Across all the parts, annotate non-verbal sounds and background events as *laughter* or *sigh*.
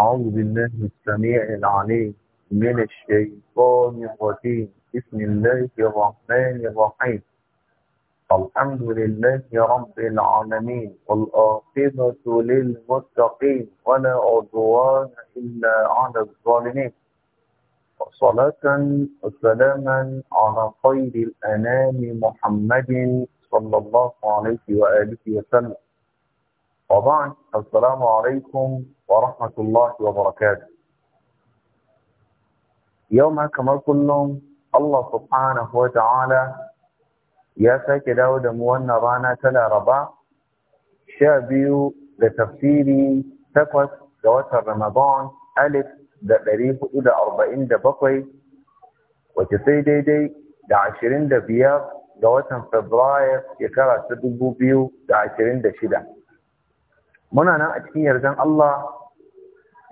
أعوذ بالله السميع العليم من الشيطان الرجيم بسم الله الرحمن الرحيم الحمد لله رب العالمين والآخرة للمتقين ولا عدوان إلا على الظالمين وصلاة وسلاما على خير الأنام محمد صلى الله عليه وآله وسلم وبعد السلام عليكم ورحمة الله وبركاته يوم كما كلهم الله سبحانه وتعالى يا ساكي داود موانا رانا تلا ربا شابيو لتفسيري تقوى دواتر رمضان ألف da إلى أربعين دبقي وتسي دي دي wace sai daidai da ashirin da biyar ga watan Fabrairu shekara muna nan a cikin yardan Allah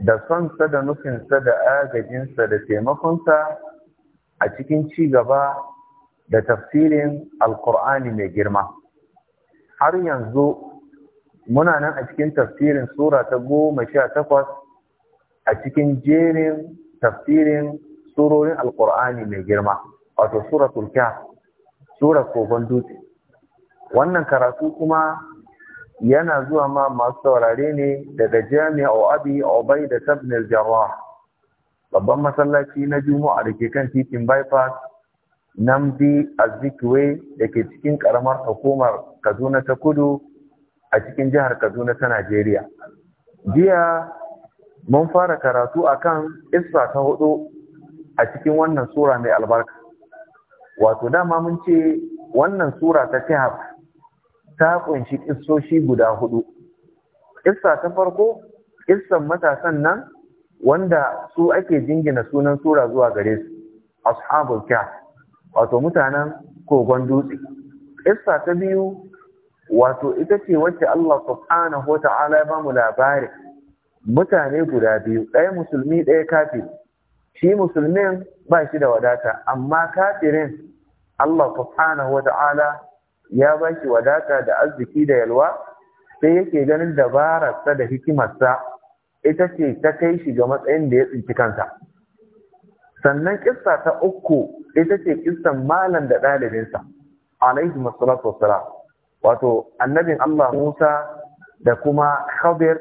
da sonsa da nufinsa da agajinsa da taimakonsa a cikin ci gaba da tafsirin alkur'ani mai girma har yanzu muna nan a cikin tafsirin sura ta goma sha takwas a cikin jerin tafsirin surorin alkur'ani mai girma wato sura turkiya sura kogon dutse wannan karatu kuma yana zuwa ma masu saurare ne daga jami'a abi obai da tabnil jarrah babban masallaci na juma'a da ke kan titin bypass bi azikiwe da ke cikin karamar hukumar kaduna ta kudu a cikin jihar kaduna ta najeriya jiya mun fara karatu akan isra ta hudu a cikin wannan sura mai albarka wato dama mun ce wannan sura ta kahf ta kunshi ƙistoshi guda hudu Ƙista ta farko ƙistan matasan nan wanda su ake jingina sunan sura zuwa gare su ashabul kya, wato mutanen kogon dutse Ƙista ta biyu wato ita ce wacce Allah subhanahu wa ta'ala ya bamu labari mutane guda biyu ɗaya musulmi ɗaya kafin. shi musulmin ba shi da wadata amma kafirin Allah subhanahu wa ta'ala ya ba shi wadata da arziki da yalwa sai yake ganin dabararsa da hikimarsa ita ce ta kai shi ga matsayin da ya tsinci kanta, sannan kissa ta uku ita ce kissan malam da ɗalibinsa alaihi masalatu wato annabin Allah Musa da kuma Khadir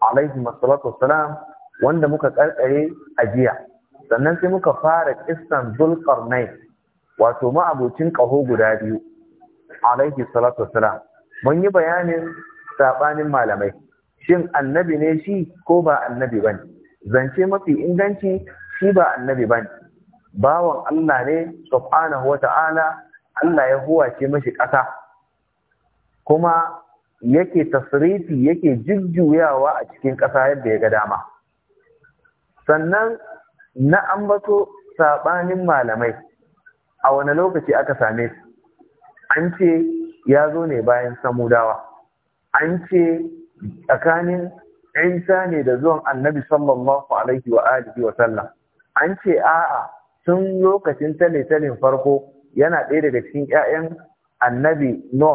alaihi masalatu wanda muka karkare a jiya sannan sai muka fara kissan Zulqarnain wato ma'abucin ƙaho guda biyu alaihi salatu wassalam mun yi bayanin sabanin malamai shin annabi ne shi ko ba annabi bane zance mafi inganci shi ba annabi bane bawan Allah ne subhanahu wata'ala Allah ya huwace mashi ƙasa kuma yake tasrifi yake jujjuyawa a cikin ƙasa yadda ya ga dama sannan na ambato sabanin malamai a wani lokaci aka same su an ce ya zo ne bayan samudawa an ce tsakanin insa ne da zuwan annabi sallallahu alaihi wa alihi wa sallam an ce a'a tun lokacin tale-talen farko yana ɗaya daga cikin 'ya'yan annabi no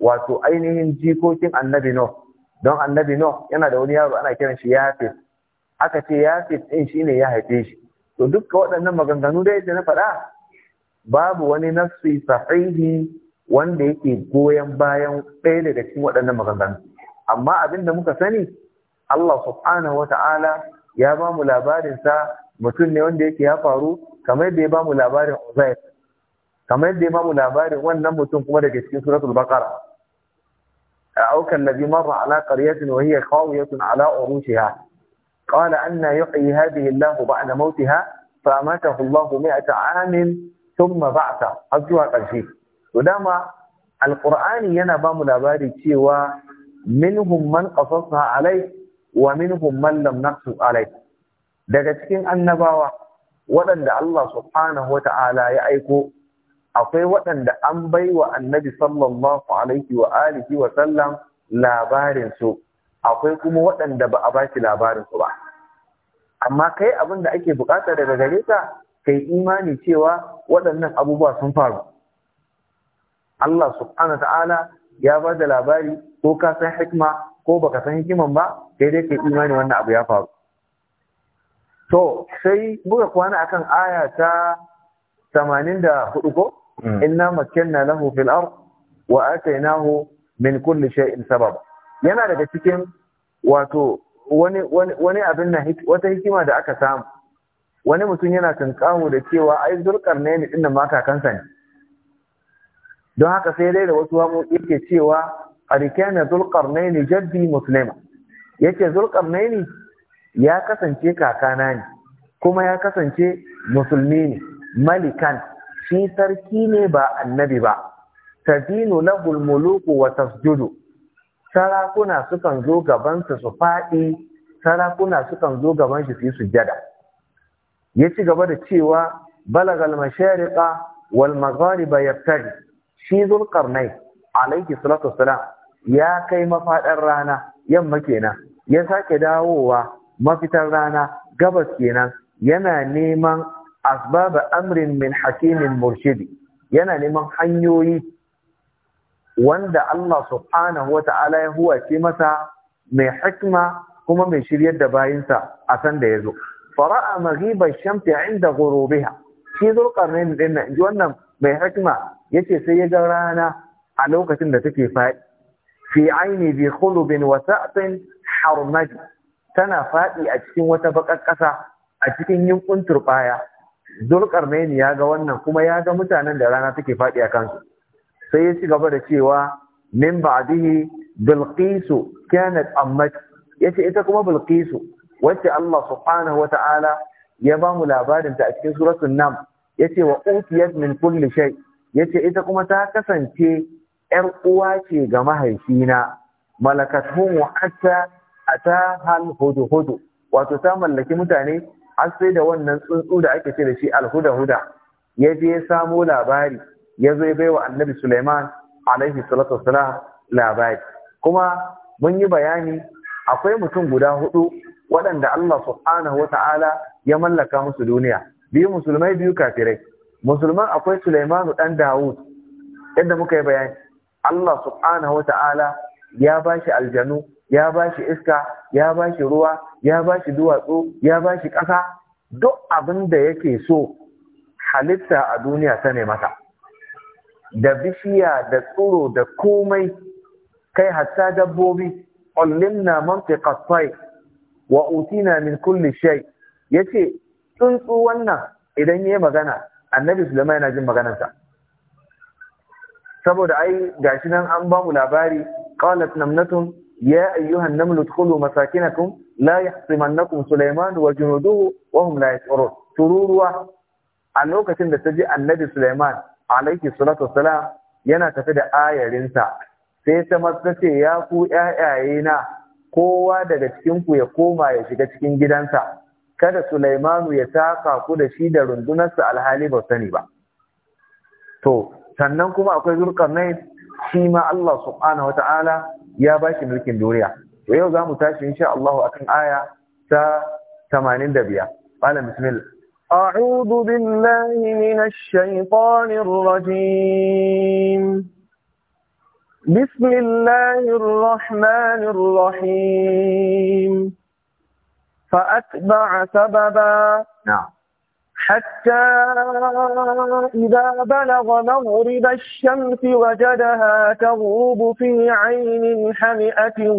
wato ainihin jikokin annabi no don annabi no yana da wani yaro ana kiran shi yafis aka ce yafis ɗin shine ya haife shi to duka waɗannan maganganu da yadda na faɗa babu wani nafsi sahihi wanda yake goyon bayan ɗaya daga cikin waɗannan maganganu amma abin da muka sani Allah subhanahu wata'ala ya ba mu labarin sa mutum ne wanda yake ya faru kamar yadda ya ba mu labarin Uzair kamar yadda ya ba mu labarin wannan mutum kuma daga cikin suratul baqara أو كالذي مر على قرية وهي خاوية على عروشها قال أن يحيي هذه الله بعد موتها فأماته الله مئة عام ثم بعثه أرجوها قرشيه to dama alqur'ani yana ba mu labari cewa minhum man qasasna alai wa minhum man lam naqsu alai daga cikin annabawa waɗanda Allah subhanahu wa ta'ala ya aiko akwai waɗanda an bai wa annabi sallallahu alaihi wa alihi wa sallam labarin su akwai kuma waɗanda ba a ba shi labarin su ba amma kai abin da ake bukata daga gare ka kai imani cewa waɗannan abubuwa sun faru Allah subhanahu ta'ala ya ba da labari ko ka san hikma ko baka san hikiman ba sai dai kai imani wannan abu ya faru to sai buga kwana akan aya ta 84 ko hmm. inna makkanna lahu fil ard wa atainahu min kulli shay'in sababa yana daga cikin wato wani abin na wata hikima da aka samu wani mutum yana kankawo da cewa ai ne din nan ma kakansa ne don haka sai dai da wasu hamu yake cewa arikana zulqarnaini jaddi muslima yake zulqarnaini ya kasance kakana ne kuma ya kasance musulmi ne malikan shi sarki ne ba annabi ba tadinu lahul muluku wa tasjudu sarakuna sukan zo gaban su su faɗi sarakuna sukan zo gaban shi su yi sujada. ya ci gaba da cewa balagal mashariqa wal maghariba yabtaghi shi zulqarnai alaihi salatu ya kai mafaɗar rana yamma kenan ya sake dawowa mafitar rana gabas kenan yana neman asbaba amrin min hakimin murshidi yana neman hanyoyi wanda Allah subhanahu wa ta'ala ya ce masa mai hikma kuma mai shiryar da bayinsa a san da ya zo. Fara'a maghibar shamfi inda gurubiha, shi zo ne ɗin nan, wannan mai hikma yace sai ya ga rana a lokacin da take faɗi fi aini bi khulubin wa sa'tin harmadi tana faɗi a cikin wata bakar ƙasa a cikin yunkun turbaya zulkarnaini ya ga wannan kuma ya ga mutanen da rana take faɗi a kansu sai ya ci gaba da cewa min ba'dihi bilqisu kanat ammat yace ita kuma Bilkisu, wacce Allah subhanahu ta'ala ya ba mu labarin ta a cikin suratul nam yace wa utiyat min kulli shay yace ita kuma ta kasance ‘yar uwa ce ga mahaifina, malakatun hatta ata hal hudu wato ta mallaki mutane har sai da wannan tsuntsu da ake ce da shi alhuda-huda, ya je ya samo labari, ya zo ya baiwa annabi Suleiman alaihi salatu wasalam labari. Kuma mun yi bayani akwai mutum guda hudu waɗanda Allah subhanahu wa ta'ala ya mallaka musu duniya, biyu musulmai biyu kafirai. musulman akwai Sulaimanu ɗan Dawud yadda muka yi bayani Allah subhanahu wata'ala ya ba shi aljanu ya ba shi iska ya ba shi ruwa ya ba shi duwatsu ya ba shi ƙasa duk abin da yake so halitta a duniya ta ne masa da bishiya da tsoro da komai kai hatta dabbobi ullimna mantiqa kasfai, wa utina min kulli Ya ce tsuntsu wannan idan yayi magana annabi Sulaiman yana jin maganarsa saboda ai gashi nan an ba mu labari qalat namnatun ya ayyuhan namlu dkhulu masakinakum la yahsimannakum Sulaiman wa junuduhu wa hum la yash'urun tururuwa a lokacin da ta ji annabi Sulaiman alaihi salatu wassalam yana tafi da ayarinsa sai ta matsa ce ya ku ƴaƴaye na kowa daga cikin ku ya koma ya shiga cikin gidansa kada Sulaimanu ya taka ku da shi da rundunarsa alhali ba sani ba to sannan kuma akwai nai shi ma Allah subhanahu wata'ala ya ba shi mulkin duniya to yau za mu tashi insha Allah akan aya ta 85 qala bismillah أعوذ بالله من الشيطان الرجيم بسم الله الرحمن الرحيم فأتبع سببا نعم حتى إذا بلغ مغرب الشمس وجدها تغرب في عين حمئة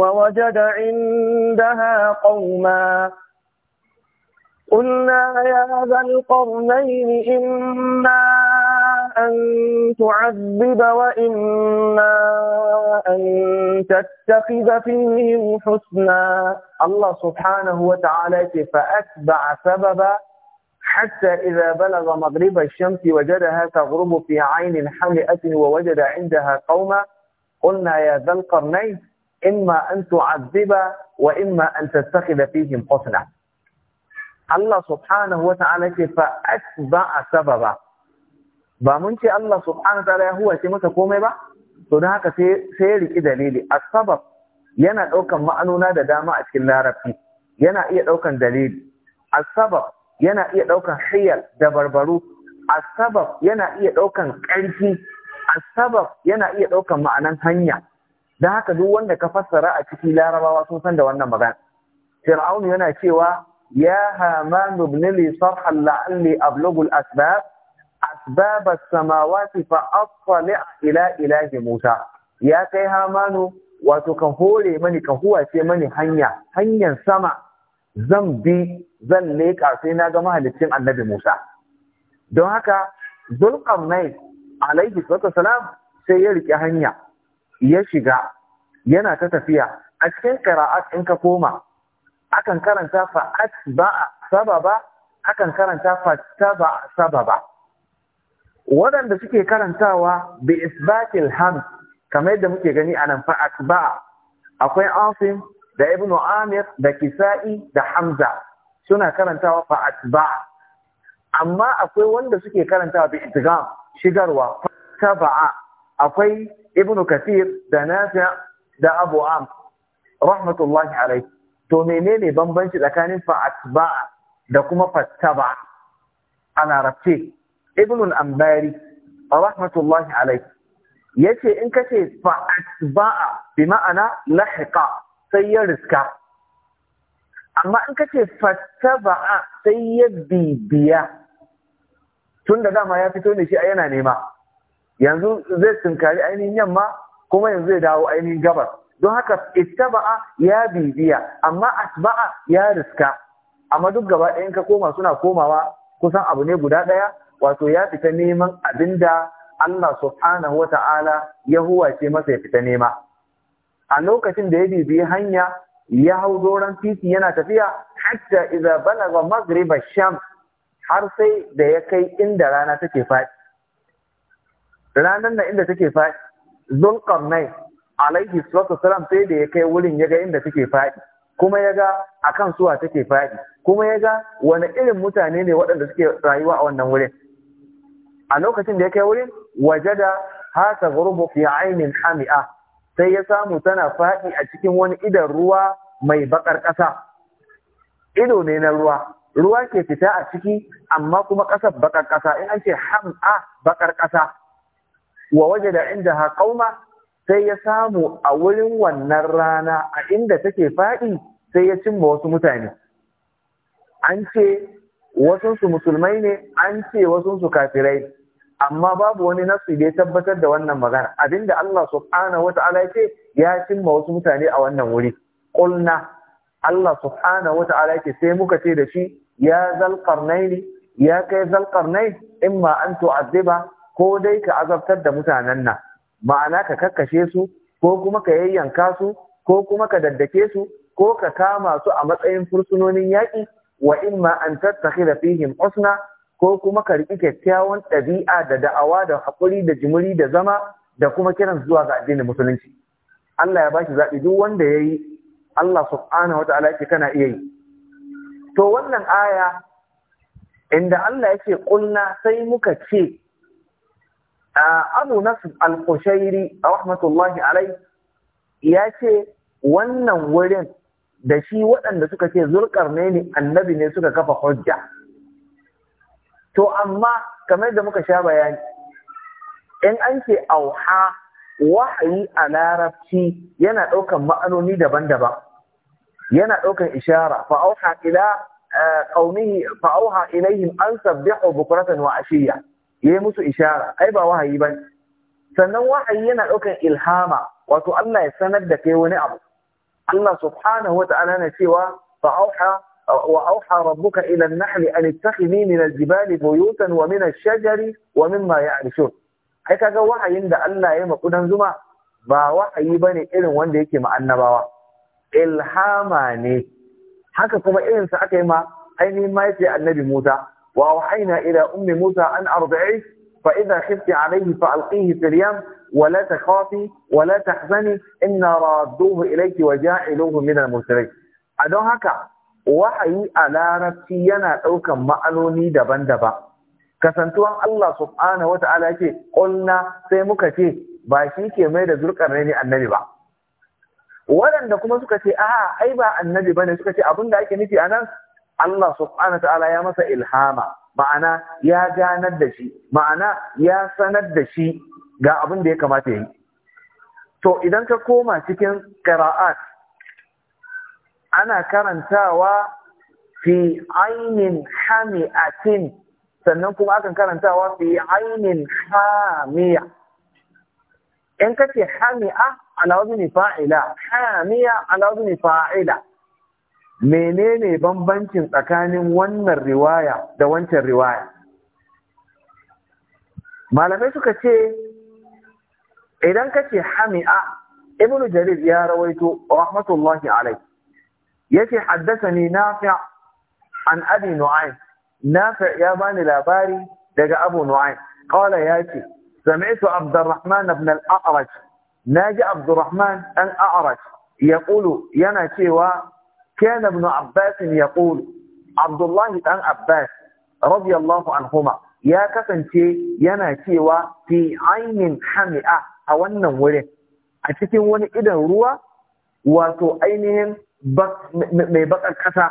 ووجد عندها قوما قلنا يا ذا القرنين إما أن تعذب وإما أن تتخذ فيهم حسنا الله سبحانه وتعالى فأتبع سببا حتى إذا بلغ مغرب الشمس وجدها تغرب في عين حمئة ووجد عندها قوما قلنا يا ذا القرنين إما أن تعذب وإما أن تتخذ فيهم حسنا الله سبحانه وتعالى فأتبع سببا ba mun ce Allah subhanahu ta'ala ya huwace masa komai ba to don haka sai ya riki dalili asbab yana daukan ma'anuna da dama a cikin larabci yana iya daukan dalili asbab yana iya daukan hiyal da barbaru asbab yana iya daukan ƙarfi asbab yana iya daukan ma'anan hanya don haka duk wanda ka fassara a ciki larabawa sun san da wannan magana fir'aunu yana cewa ya hamanu ibn li sarhan la'alli ablughu al-asbab as samawati fa attali'a ila ilahi Musa ya kai Hamanu wato ka hore mani ka huwace mani hanya hanyar sama zan bi zan leƙa sai na ga mahalicin annabi Musa don haka Zulqarnain alaihi salatu salam sai ya rike hanya ya shiga yana ta tafiya a cikin qira'at in ka koma akan karanta fa atba'a sababa akan karanta fa sababa waɗanda suke karantawa bi isbatil ham kamar yadda muke gani a nan fa akwai asim da Ibnu amir da kisa'i da hamza suna karantawa fa amma akwai wanda suke karantawa bi idgham shigarwa taba'a akwai Ibnu kathir da nafi' da abu am rahmatullahi alayhi to menene bambanci tsakanin fa da kuma fattaba a larabce ibn ambari rahmatullahi alaihi yace in kace fa atba'a bi ma'ana lahiqa sai ya riska amma in kace ba'a sai ya bibiya tunda dama ya fito ne shi a yana nema yanzu zai tunkari ainihin yamma kuma yanzu zai dawo ainihin gabas don haka ittaba'a ya bibiya amma asba'a ya riska amma duk gaba ɗayan ka koma suna komawa kusan abu ne guda ɗaya wato ya fita neman abin da Allah subhanahu wata'ala ya huwace masa ya fita nema a lokacin da ya bibiyi hanya ya hau doron titi yana tafiya hatta iza balagha maghrib sham har sai da ya kai inda rana take faɗi ranar na inda take faɗi zulqarnai alaihi sallatu salam sai da ya kai wurin ya ga inda take faɗi kuma ya ga a kan suwa take faɗi kuma ya ga wani irin mutane ne waɗanda suke rayuwa a wannan wurin a lokacin da ya kai wurin wajada hata gurubu fi ainin hami'a sai ya samu tana faɗi a cikin wani idan ruwa mai bakar ƙasa ido ne na ruwa ruwa ke fita a ciki amma kuma ƙasar bakar ƙasa in an ce ham'a bakar ƙasa wa wajada ha kauma sai ya samu a wurin wannan rana a inda take faɗi sai ya cimma wasu mutane an ce wasunsu musulmai ne an ce wasunsu kafirai amma babu wani nafsi da ya tabbatar da wannan magana abinda Allah subhanahu wata'ala ya ce ya cimma wasu mutane a wannan wuri Kulna Allah subhanahu wata'ala ya ce sai muka ce da shi ya ne ya kai in ma an tu'azziba ko dai ka azabtar da mutanen nan ma'ana ka kakkashe su ko kuma ka yayyanka su ko kuma ka daddake su ko ka kama su a matsayin fursunonin yaƙi wa ma an tattakhidha fihim usna ko kuma ka riƙi kyakkyawan ɗabi'a da da'awa da haƙuri da jimiri da zama da kuma kiran zuwa ga addinin musulunci Allah ya baki zaɓi duk wanda ya yi Allah subhanahu ta'ala yake kana iya yi to wannan aya inda Allah yake ƙulna sai muka ce Abu Nasr al-Qushairi rahmatullahi alai ya ce wannan wurin da shi waɗanda suka ce ne annabi ne suka kafa hujja to amma kamar da muka sha bayani in an ce auha wahayi a larabci yana ɗaukan ma'anoni daban-daban yana ɗaukan ishara fa'auha ila eh, qaumihi fa'auha ilaihim an sabbihu bukratan wa ashiya musu ishara ai ba wahayi ba sannan wahayi yana ɗaukan ilhama wato Allah ya sanar da kai wani abu Allah subhanahu wata'ala na cewa fa'auha وأوحى ربك إلى النحل أن اتخذي من الجبال بيوتا ومن الشجر ومما يعرشون هيك هذا وحي عند الله يما قدن زما با وحي بني إذن وند مع النبوة إلحاماني هكا كما إذن سأكي ما أيني ما يتي النبي موسى وأوحينا إلى أم موسى أن أرضعيه فإذا خفت عليه فألقيه في اليم ولا تخافي ولا تحزني إن رادوه إليك وجاعلوه من المرسلين أدو هكا wahayi a larabci yana ɗaukan ma'anoni daban-daban kasantuwan Allah subhanahu ta'ala yake ƙulla sai muka ce ba shi ke mai da zurkar ne annabi ba waɗanda kuma suka ce a'a ai ba annabi ba ne suka ce abin da ake nufi nan, Allah subhanahu ta'ala ya masa ilhama ma'ana ya ganar da shi ma'ana ya sanar da shi ga abin da ya kamata ya yi to idan ka koma cikin qira'at ana karantawa fi ainin hami'atin sannan kuma akan karantawa fi ainin hamiya in ka ce hami'a ala wazni fa'ila hamiya ala fa'ila menene bambancin tsakanin wannan riwaya da wancan riwaya malamai suka ce idan ka ce hami'a Ibn jarir ya rawaito rahmatullahi alaihi haddasa ni nafi' an abi nu'aym nafi' ya bani labari daga abu nu'aym qala ce sami'tu abdurrahman ibn al-a'raj naji abdurrahman an a'raj yaqulu yana cewa kana ibn abbas yaqulu abdullah dan abbas radiyallahu anhuma ya kasance yana cewa fi ainin hami'a a wannan wurin a cikin wani idan ruwa wato ainihin mai baƙar ƙasa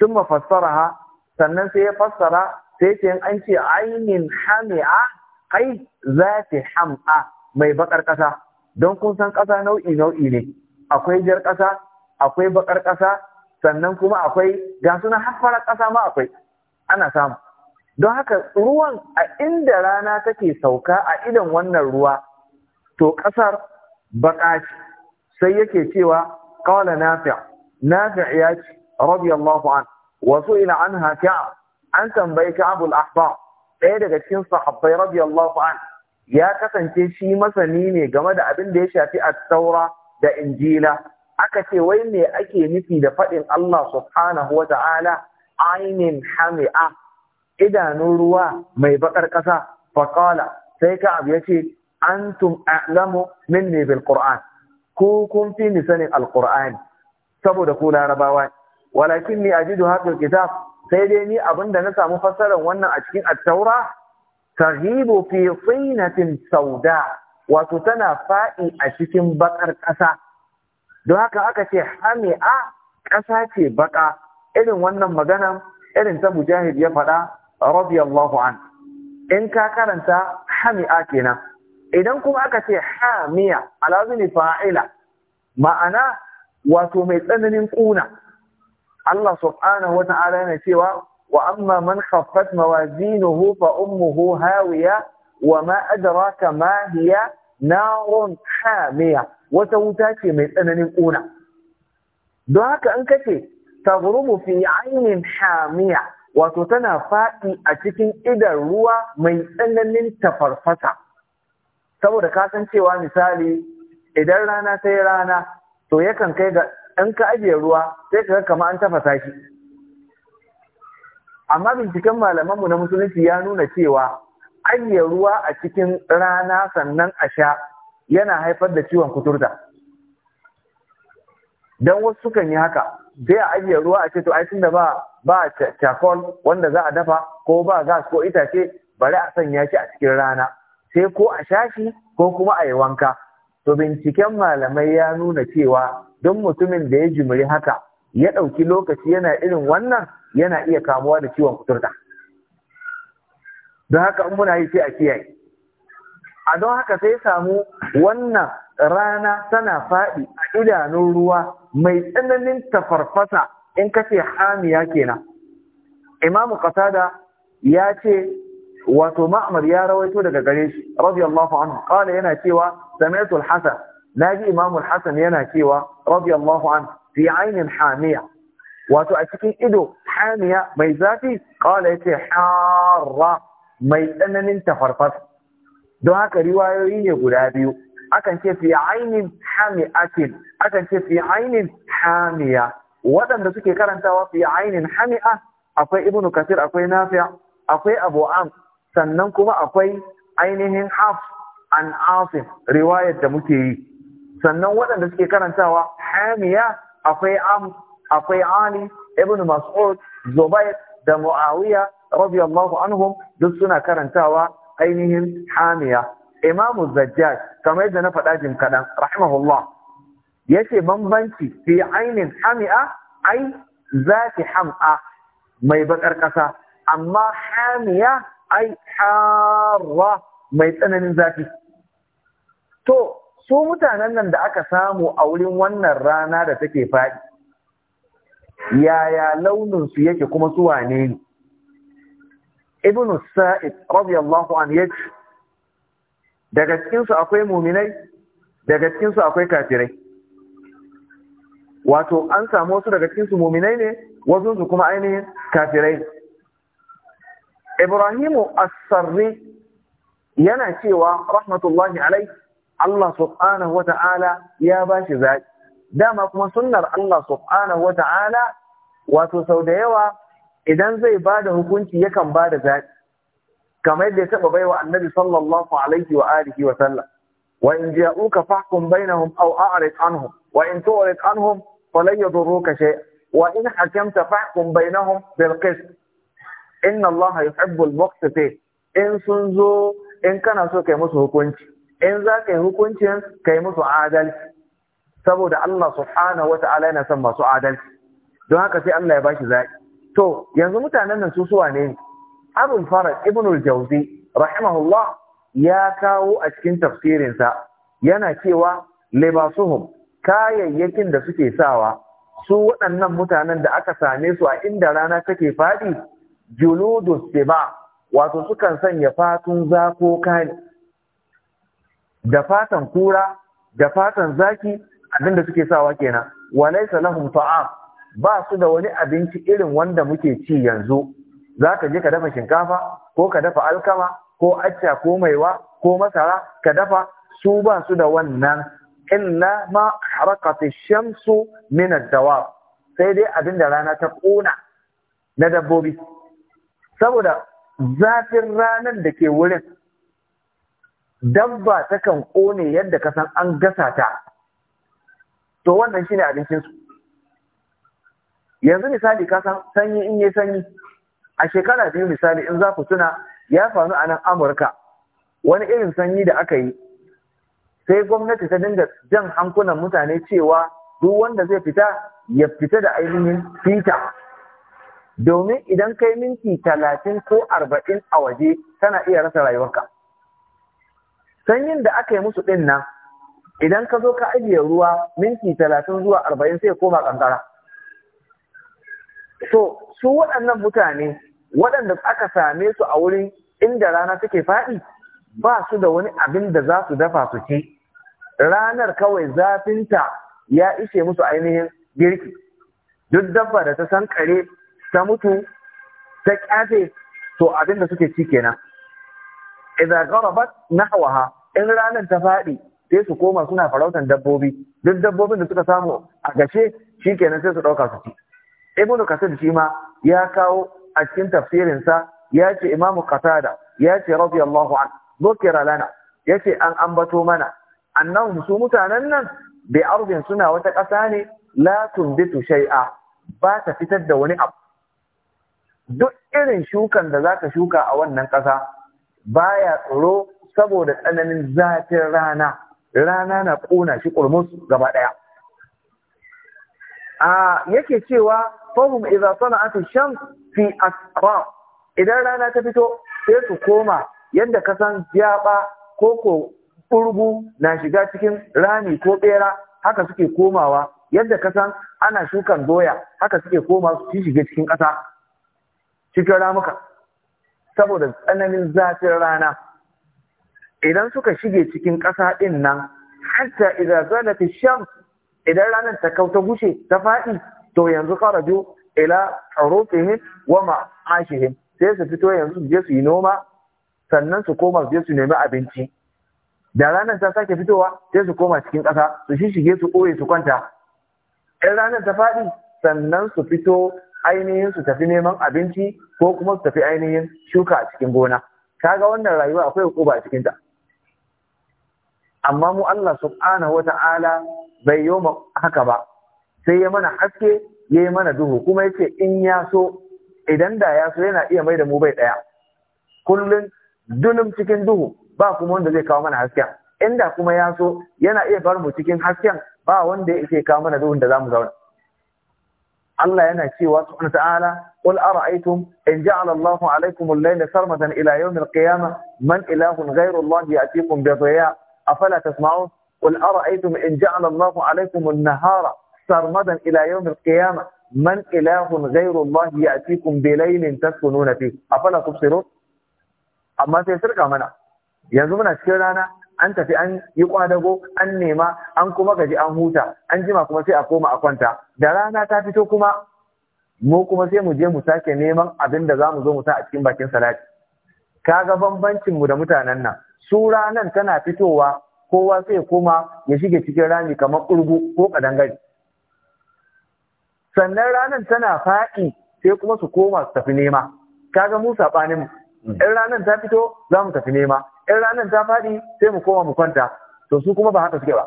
sun mafassara ha sannan sai ya fassara sai ce an ce ainin hami'a ai za ta ham'a mai bakar kasa don kun san kasa nau'i nau'i ne akwai jar ƙasa, akwai baƙar ƙasa, sannan kuma akwai ga suna haffarar kasa ma akwai ana samu don haka ruwan a inda rana take sauka a idan wannan ruwa to ƙasar baƙa sai yake cewa قال نافع نافع ياتي رضي الله عنه وسئل عنها كعب an tambayi kaabul al-Ahbar ɗaya daga cikin sahabbai radiyallahu an ya kasance shi masani ne game da abin da ya shafi at-Taura da Injila aka ce wai me ake nufi da faɗin Allah subhanahu wa ta'ala ainin hami'a idanun ruwa mai baƙar ƙasa faqala sai Ka'ab yace antum a'lamu minni bil Qur'an ko kun fi ni sanin alqur'ani saboda ku larabawa walakin ni ajidu hadal kitab sai dai ni abinda na samu fassarar wannan a cikin at-taura taghibu fi sinatin sauda wato tana fa'i a cikin bakar ƙasa don haka aka ce hami'a ƙasa ce baka irin wannan magana irin ta mujahid ya faɗa radiyallahu an in ka karanta hami'a kenan idan kuma aka ce hamiya alazini fa'ila ma'ana wato mai tsananin ƙuna, Allah subhanahu wata'ala yana cewa wa amma man khaffat mawazinuhu fa ummuhu hawiya wa ma adraka ma hiya narun hamiya wata wuta ce mai tsananin ƙuna. don haka an kace tagrubu fi ainin hamiya wato tana faɗi a cikin idan ruwa mai tsananin tafarfasa saboda ka san cewa misali idan rana ta yi rana to yakan kai ga in ka ajiye ruwa sai ka kama an tafasa shi amma binciken malamanmu na musulunci ya nuna cewa ajiye ruwa a cikin rana sannan a sha yana haifar da ciwon kuturta don wasu sukan yi haka sai a ajiye ruwa a ce to aikin da ba ba charcoal wanda za a dafa ko ba gas ko itace bari a sanya shi a cikin rana sai ko a shafi ko kuma a yi wanka to binciken malamai ya nuna cewa don mutumin da ya jimiri haka ya ɗauki lokaci yana irin wannan yana iya kamuwa da ciwon kuturta don haka in muna yi sai a kiyaye a don haka sai samu wannan rana tana faɗi a idanun ruwa mai tsananin tafarfasa in kace hamiya kenan imamu qatada ya ce wato ma'amar ya rawaito daga gare shi radiyallahu anhu qala yana cewa sami'tu al-hasan naji imam al-hasan yana cewa radiyallahu anhu fi ainin hamiya wato a cikin ido hamiya mai zafi qala yace harra mai tsananin tafarfas don haka riwayoyi ne guda biyu akan ce fi ainin hami'atin akan ce fi ainin hamiya waɗanda suke karantawa fi ainin hami'a akwai ibnu kasir akwai nafia akwai abu am sannan kuma akwai ainihin haf an asif riwayar da muke yi sannan waɗanda suke karantawa hamiya akwai am akwai ali ibn mas'ud zubair da muawiya radiyallahu anhum duk suna karantawa ainihin hamiya imamu zajjaj kamar yadda na faɗa jin kaɗan rahimahullah yace bambanci fi ainin hami'a ai zafi ham'a mai baƙar ƙasa amma hamiya ai harra mai tsananin zafi to su mutanen nan da aka samu a wurin wannan rana da take faɗi yaya launin su yake kuma su wane ne ibn sa'id radiyallahu an ce, daga cikinsu akwai muminai daga cikinsu akwai kafirai wato an samu wasu daga cikinsu muminai ne wasu kuma ainihin kafirai Ibrahimu As-Sarri yana cewa rahmatullahi alaihi, Allah subhanahu wa ta'ala ya ba shi zaɓi. Dama kuma sunnar Allah subhanahu wa ta'ala wato sau da yawa idan zai ba da hukunci yakan ba da zaɓi. Kamar yadda ya taɓa baiwa annabi sallallahu alaihi wa alihi wa sallam. Wa in ja'uka fahkum bainahum aw a'rid anhum wa in tu'rid anhum falan yadurruka shay'a wa in hakamta fahkum bainahum bil qist inna allaha yuhibbul muqsitin in sun zo in kana so kai musu hukunci in za ka yi hukuncin kai musu adalci saboda Allah subhanahu wata'ala yana son masu adalci don haka sai Allah ya bashi zaki to yanzu mutanen nan su suwa ne Abul Faraj Ibn al-Jawzi rahimahullah ya kawo a cikin tafsirinsa yana cewa libasuhum kayayyakin da suke sawa su waɗannan mutanen da aka same su a inda rana take fadi juludu siba wato sukan sanya fatun zako kai da fatan kura da fatan zaki abinda suke sawa kenan wa laysa lahum ta'am ba su da wani abinci irin wanda muke ci yanzu zaka je ka dafa shinkafa ko ka dafa alkama ko acca ko maiwa ko masara ka dafa su ba su da wannan illa ma harakati shamsu min ad-dawab sai dai abinda rana ta kona na dabbobi saboda zafin ranar da ke wurin dabba takan ƙone yadda ka san an gasa ta to wannan shine abincinsu yanzu misali ka san sanyi in yi sanyi a shekara biyu misali in za ku tuna ya faru a nan amurka wani irin sanyi da aka yi sai gwamnati ta dinga jan hankunan mutane cewa duk wanda zai fita ya fita da ainihin fita domin idan kai minti talatin ko arba'in a waje tana iya rasa rayuwarka sanyin da aka yi musu ɗin nan idan ka zo ka ajiye ruwa minti talatin zuwa arba'in sai koma ƙanƙara so su waɗannan mutane waɗanda aka same su a wurin inda rana take faɗi ba su da wani abin da za su dafa su ci ranar kawai zafinta ya ishe musu ainihin girki duk dabba da ta san kare ta mutu ta kyafe to abin da suke ci kenan idan na nahwaha in ranar ta faɗi sai su koma suna farautar dabbobi duk dabbobin da suka samu a gashe shikenan sai su ɗauka su ci ibnu kasir shi ma ya kawo a cikin tafsirinsa ya ce imamu qatada ya ce radiyallahu an zukira lana ya ce an ambato mana annahum su mutanen nan bi ardin suna wata ƙasa ne la tunbitu shay'a ba ta fitar da wani abu duk irin shukan da zaka shuka a wannan ƙasa baya tsoro saboda tsananin zafin rana rana na ƙona shi ƙurmus gaba ɗaya a yake cewa fahim idza sana'atu shams fi asqa idan rana ta fito sai su koma yadda ka san jaba ko ko turbu na shiga cikin rami ko ɓera, haka suke komawa yadda ka san ana shukan doya haka suke koma su shiga cikin ƙasa cikin ramuka saboda tsananin zafin rana idan suka shige cikin ƙasa ɗin nan hatta idan ta sham idan ranar ta kauta gushe ta faɗi to yanzu ƙara biyu ila tsarofihim wa ma'ashihim sai su fito yanzu su je su yi noma sannan su koma su je su nemi abinci da ranar ta sake fitowa sai su koma cikin ƙasa su shige su ɓoye su kwanta in ranar ta faɗi sannan su fito ainihin su tafi neman abinci ko kuma su tafi ainihin shuka a cikin gona kaga wannan rayuwa akwai hukuma a cikinta amma mu Allah subhanahu Ta'ala bai yi haka ba sai ya mana haske ya yi mana duhu kuma ya ce in ya so idan da ya so yana iya mai da mu bai ɗaya kullum dunum cikin duhu ba kuma wanda zai kawo mana hasken inda kuma ya so yana iya bar mu cikin hasken ba wanda ya kawo mana duhun da za mu zauna Allah yana cewa subhanahu ta'ala qul ara'aytum in ja'ala Allahu 'alaykum al-layla sarmatan ila yawm al-qiyamah man ilahun ghayru Allah ya'tikum bi dhiya afala tasma'un qul ara'aytum in ja'ala Allahu 'alaykum an-nahara sarmadan ila yawm al-qiyamah man ilahun ghayru Allah ya'tikum bi laylin taskununa fihi afala tubsirun amma sai sirka mana yanzu muna cikin rana an tafi an yi kwadago an nema an kuma gaji an huta an jima kuma sai a koma a kwanta da rana ta fito kuma mu kuma sai mu je mu sake neman abin da za mu zo mu sa a cikin bakin salati kaga bambancin mu da mutanen nan su ranan tana fitowa kowa sai kuma ya shige cikin rami kamar kurgu ko kadangare sannan ranan tana faɗi sai kuma su koma su tafi nema kaga mu saɓanin mm. in ranan ta fito za mu tafi nema in ranar ta faɗi sai mu koma mu kwanta to su kuma ba haka suke ba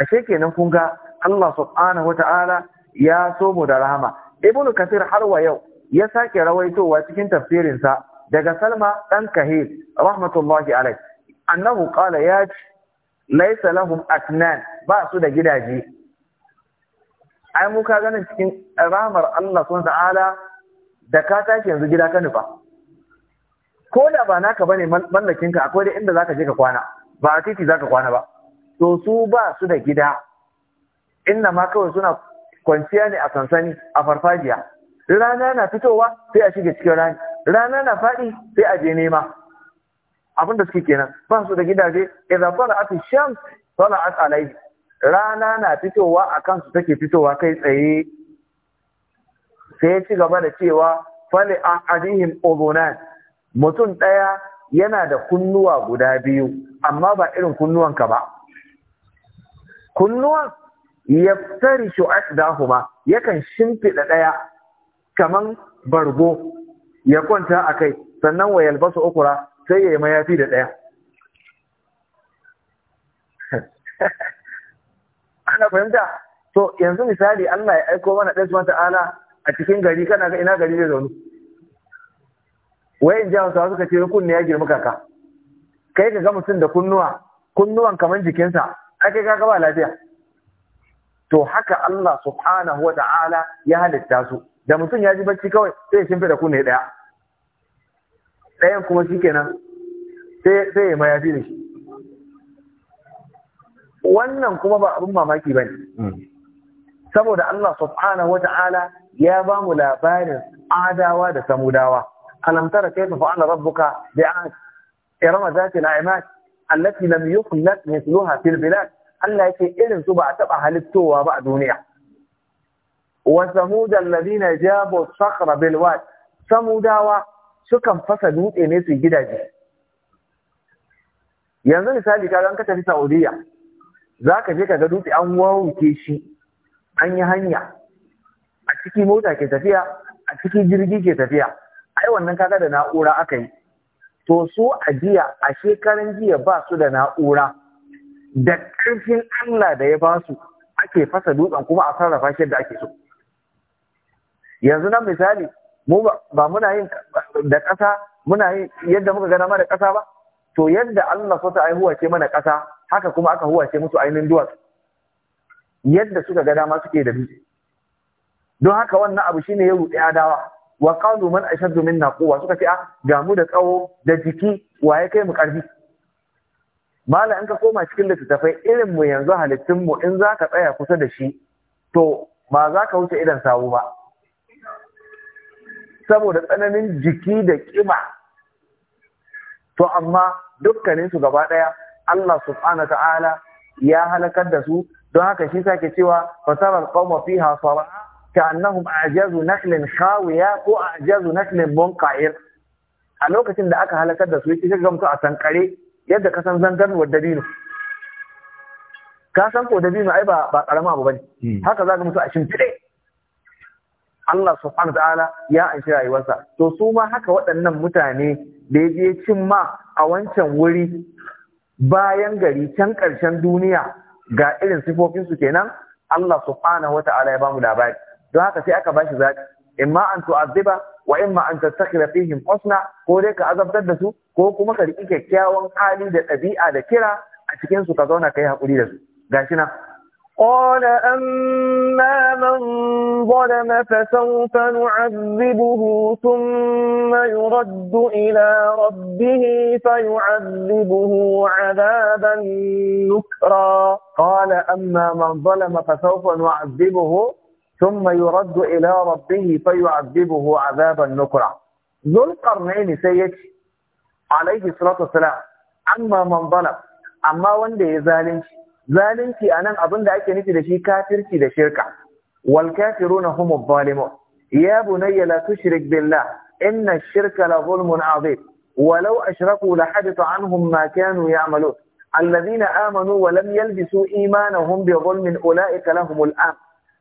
ashe kenan kun ga Allah subhanahu Ta'ala ya so mu da rahama ibnu kasir har wa yau ya sake rawaitowa cikin tafsirinsa daga salma dan kahil rahmatullahi alaihi annahu qala ya laysa lahum atnan ba su da gidaje ai mu ka ganin cikin rahmar Allah subhanahu wata'ala da ka tashi yanzu gida ka nufa ko da ba naka ba ne mallakinka akwai da inda zaka je ka kwana ba a titi zaka kwana ba to su ba su da gida inda ma kawai suna kwanciya ne a sansani a farfajiya rana na fitowa sai a shige cikin rani rana na faɗi sai a je nema abinda suke kenan ba su da gidaje idan fara a fi sham fara a tsalai rana na fitowa a kansu take fitowa kai tsaye sai ya ci gaba da cewa fale a adihim uzunan mutum ɗaya yana da kunnuwa guda biyu amma ba irin kunnuwanka ba kunnuwan ya yaftari shu'ashdahuma yakan shimfiɗa ɗaya kamar bargo ya kwanta a kai sannan wa Yalbasa ukura sai ya yi mayafi da ɗaya *laughs* ana fahimta to yanzu misali Allah ya aiko mana ɗaya subhanahu ta'ala a cikin gari kana ga ina gari zai zaunu. wai in jawo suka ce kunne ya girma kaka kai ka ga mutum da kunnuwa kunnuwan kamar jikinsa ake ka ba lafiya to haka Allah subhanahu wa ta'ala ya halitta su da mutum ya ji bacci kawai sai ya shimfi da kunne ɗaya dayan kuma shikenan sai sai ya mayafi da shi wannan kuma ba abin mamaki ba ne. Hmm. Saboda Allah subhanahu wa ta'ala ya ba mu labarin adawa da samudawa. ألم ترى كيف فعل ربك بعاد إرم ذات العماد التي لم يخلق مثلها في البلاد Allah yake irin su ba a taɓa halittowa ba a duniya wa samud alladhina jabu sakhra bil wad samudawa sukan fasa dutse ne suyi gidaje yanzu misali ka ka tafi Saudiya zaka je ka ga dutse an wawuke shi an yi hanya a ciki mota ke tafiya a ciki jirgi ke tafiya ai wannan kaga da na'ura aka yi to su a jiya a shekaran jiya ba su da na'ura da ƙarfin Allah da ya ba su ake fasa dutsen kuma a sarrafa shi da ake so yanzu nan misali mu ba muna yin da ƙasa muna yin yadda muka gana mana ƙasa ba to yadda Allah sota ai huwace mana ƙasa haka kuma aka huwace musu ainihin duwatsu yadda suka gada ma suke da dutse don haka wannan abu shine ya ruɗe adawa wa qalu man ashaddu minna quwwa suka ce ah ga mu da tsawo da jiki waye kai mu karfi mala in ka koma cikin littattafai irin mu yanzu halittun mu in zaka tsaya kusa da shi to ba za ka wuce idan sawu ba saboda tsananin jiki da ƙima. to amma dukkanin su gaba daya Allah subhanahu ta'ala ya halakar da su don haka shi sake cewa fasara qauma fiha sara'a كأنهم أعجاز نخل خاوية ko أعجاز نخل منقعر a lokacin da aka halakar da su yake shiga mutu a زنجان yadda ka san zangar wa dabino ka san ko dabino ai ba ba hmm. haka Allah subhanahu ta'ala ya anshi rayuwarsa to su ma haka waɗannan mutane da ya je cin ma a wancan wuri bayan gari can ƙarshen duniya ga irin sifofinsu kenan Allah subhanahu wa ta'ala ya bamu labari don haka sai aka bashi zaɓi imma an tu'azziba wa imma an tastakhira fihim husna ko dai ka azabtar da su ko kuma ka riƙi kyakkyawan hali da ɗabi'a da kira a cikin su ka zauna kai haƙuri da su gashi nan قال أما من ظلم فسوف نعذبه ثم يرد إلى ربه فيعذبه عذابا نكرا قال أما من ظلم فسوف نعذبه ثم يرد إلى ربه فيعذبه عذابا نكرا ذو القرنين سيك عليه الصلاة والسلام أما من ظلم أما وندي ذالنش ذالنش أنا أظن ذلك نتي لشي كافر كي لشركة والكافرون هم الظالمون يا بني لا تشرك بالله إن الشرك لظلم عظيم ولو أشركوا لحدث عنهم ما كانوا يعملون الذين آمنوا ولم يلبسوا إيمانهم بظلم أولئك لهم الأمر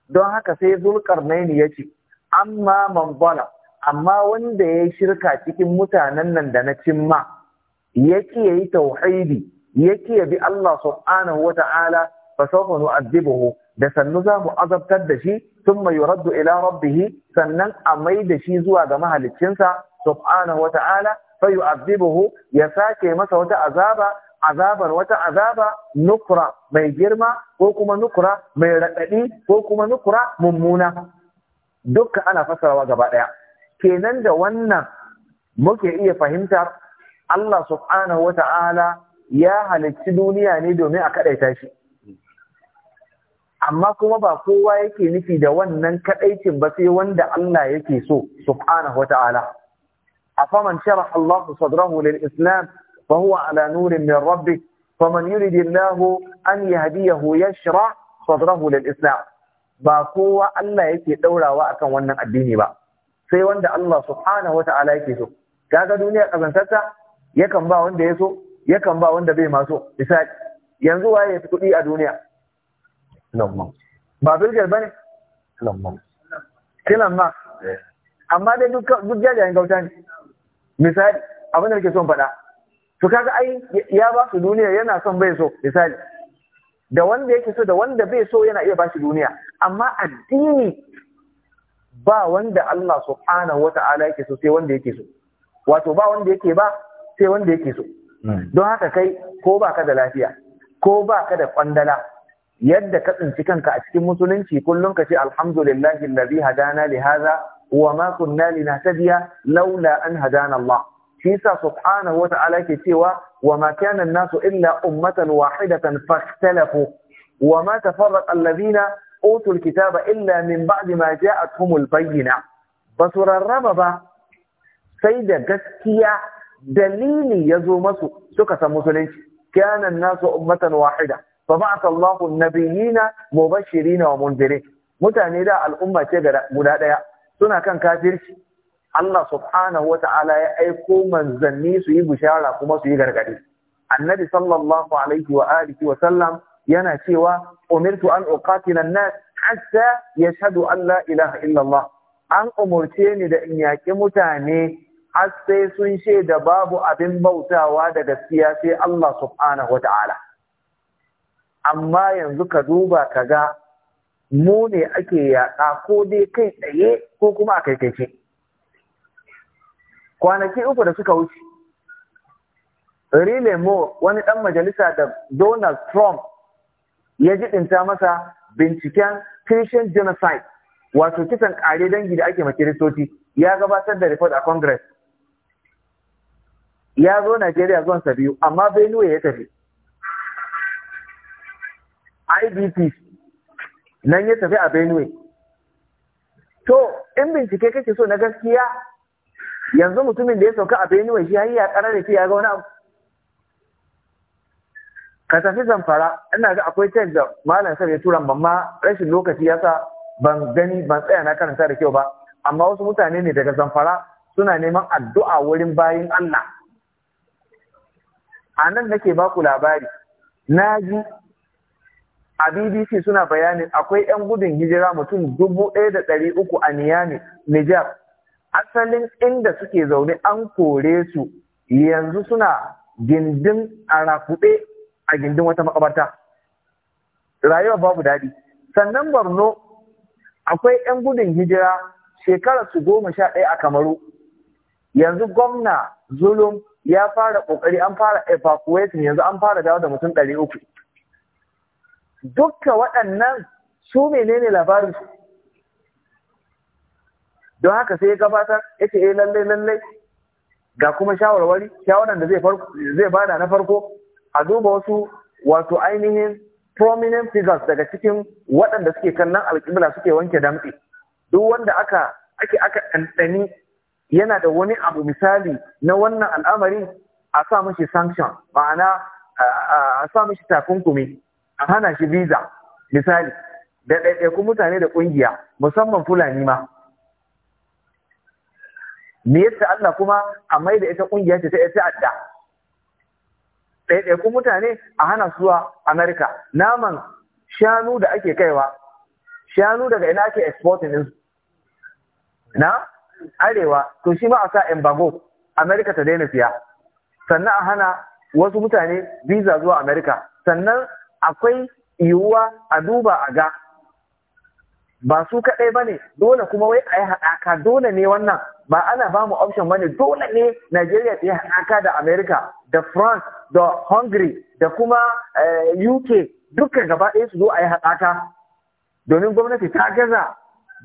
don haka sai Zulkar Naini ya ce amma man bala amma wanda ya shirka cikin mutanen nan da na cimma yake yayi tauhidi yake ya bi Allah subhanahu wata'ala fa sawfa nu'adhibuhu da sannu za mu azabtar da shi thumma yuraddu ila rabbih sannan a mai da shi zuwa ga mahaliccinsa subhanahu wata'ala fa yu'adhibuhu ya sake masa wata azaba azabar wata azaba nukura mai girma ko kuma nukura mai raɗaɗi ko kuma nukura mummuna dukka ana fasarawa gaba ɗaya kenan da wannan muke iya fahimtar Allah subhanahu wa ta'ala ya halicci duniya ne domin a kaɗaita shi amma kuma ba kowa yake nufi da wannan kaɗaicin ba sai wanda Allah yake so subhanahu wa ta'ala faman shara Allah sadrahu lil islam فهو على نور من ربه فمن يريد الله أن يهديه يشرع صدره للإسلام ba kowa Allah yake ɗaurawa akan wannan addini ba sai wanda Allah subhanahu wata'ala yake so kaga duniya kazantarta yakan ba wanda ya so yakan ba wanda bai ma so. misali yanzu waye ya fi kuɗi a duniya ba bilgar bane kilan ma amma dai duk jajayen gauta ne misali abin da nake son faɗa to kaga ai ya ba su duniya yana son bai so misali da wanda yake so da wanda bai so yana iya ba shi duniya amma addini ba wanda Allah subhanahu wata'ala yake so sai wanda yake so wato ba wanda yake ba sai wanda yake so hmm. don haka kai ko ba ka da lafiya ko ba ka da kwandala yadda ka tsinci kanka a cikin musulunci kullum ka ce alhamdulillahi allazi hadana li hadha wa ma kunna linahtadiya laula an hadana Allah shi yasa subhanahu wata'ala ke cewa wa ma kana an-nasu illa ummatan wahidatan fahtalafu wa ma tafarraqa alladhina utul kitaba illa min ba'di ma ja'atuhum bayyina basu rarraba ba sai da gaskiya dalili yazo masu suka san musulunci kana an-nasu ummatan wahida fa ba'atha Allahu an-nabiyina mubashirin wa mundirin mutane da al'umma ce guda daya suna kan kafirci Allah subhanahu wa ta'ala ya aiko manzanni su yi bishara kuma su yi gargadi. Annabi sallallahu alaihi wa alihi wa sallam yana cewa umirtu an uqatila an-nas hatta yashhadu an la ilaha An umurce ni da in yaƙi mutane har sai sun shaida babu abin bautawa da gaskiya sai Allah subhanahu wa ta'ala. Amma yanzu ka duba ka ga mu ne ake yaƙa ko dai kai tsaye ko kuma a kai kai kwanaki uku da suka wuce Rile Moore wani ɗan majalisa da Donald Trump ya jiɗinta masa binciken Christian genocide wato kisan ƙare dangi da ake ma Kiristoci ya gabatar da report a Congress. Ya zo Najeriya zuwan sa biyu, amma Benue ya tafi. IDP nan ya tafi a Benue. To, in bincike kake so na gaskiya yanzu mutumin da ya sauka a benuwa shi hanyar ya karar da shi ya ga wani abu ka tafi zamfara ina ga akwai text da malam sai ya tura mamma rashin lokaci ya sa ban gani ban tsaya na karanta da kyau ba amma wasu mutane ne daga zamfara suna neman addu'a wurin bayin Allah a nan nake baku labari na ji a BBC suna bayanin akwai 'yan gudun hijira mutum dubu ɗaya da ɗari uku a Niyami, Nijar, asalin inda suke zaune an kore su yanzu suna gindin a a gindin wata makabarta rayuwa babu daɗi sannan borno akwai 'yan gudun hijira shekarar su goma sha ɗaya a kamaru yanzu gwamna zulum ya fara ƙoƙari, an fara evacuation yanzu an fara dawo da mutum ɗari uku dukka waɗannan su menene labarin su don haka sai ya gabatar ya ce eh lallai lallai ga kuma shawarwari shawaran da zai bada na farko a duba wasu wato ainihin prominent figures daga cikin waɗanda suke kallon alƙibla suke wanke damtse duk wanda aka ake aka ɗanɗani yana da wani abu misali na wannan al'amari a sa mishi sanction ma'ana a sa mishi takunkumi a hana shi visa misali da ɗaiɗaikun mutane da ƙungiya musamman fulani ma me yasa Allah kuma a mai da ita ƙungiya ce ta ita adda ɗaiɗaikun mutane a hana suwa Amerika naman shanu da ake kaiwa shanu daga ina ake exporting din na arewa to shi ma a sa embargo Amerika ta daina siya sannan a hana wasu mutane visa zuwa Amerika sannan akwai yiwuwa a duba a ga ba su kaɗai ba ne dole kuma wai a yi haɗaka dole ne wannan ba ana ba mu option ba ne dole ne Najeriya ta yi haɗaka da Amerika da France da Hungary da kuma eh, UK duka gaba ɗaya su zo a yi haɗaka domin gwamnati ta gaza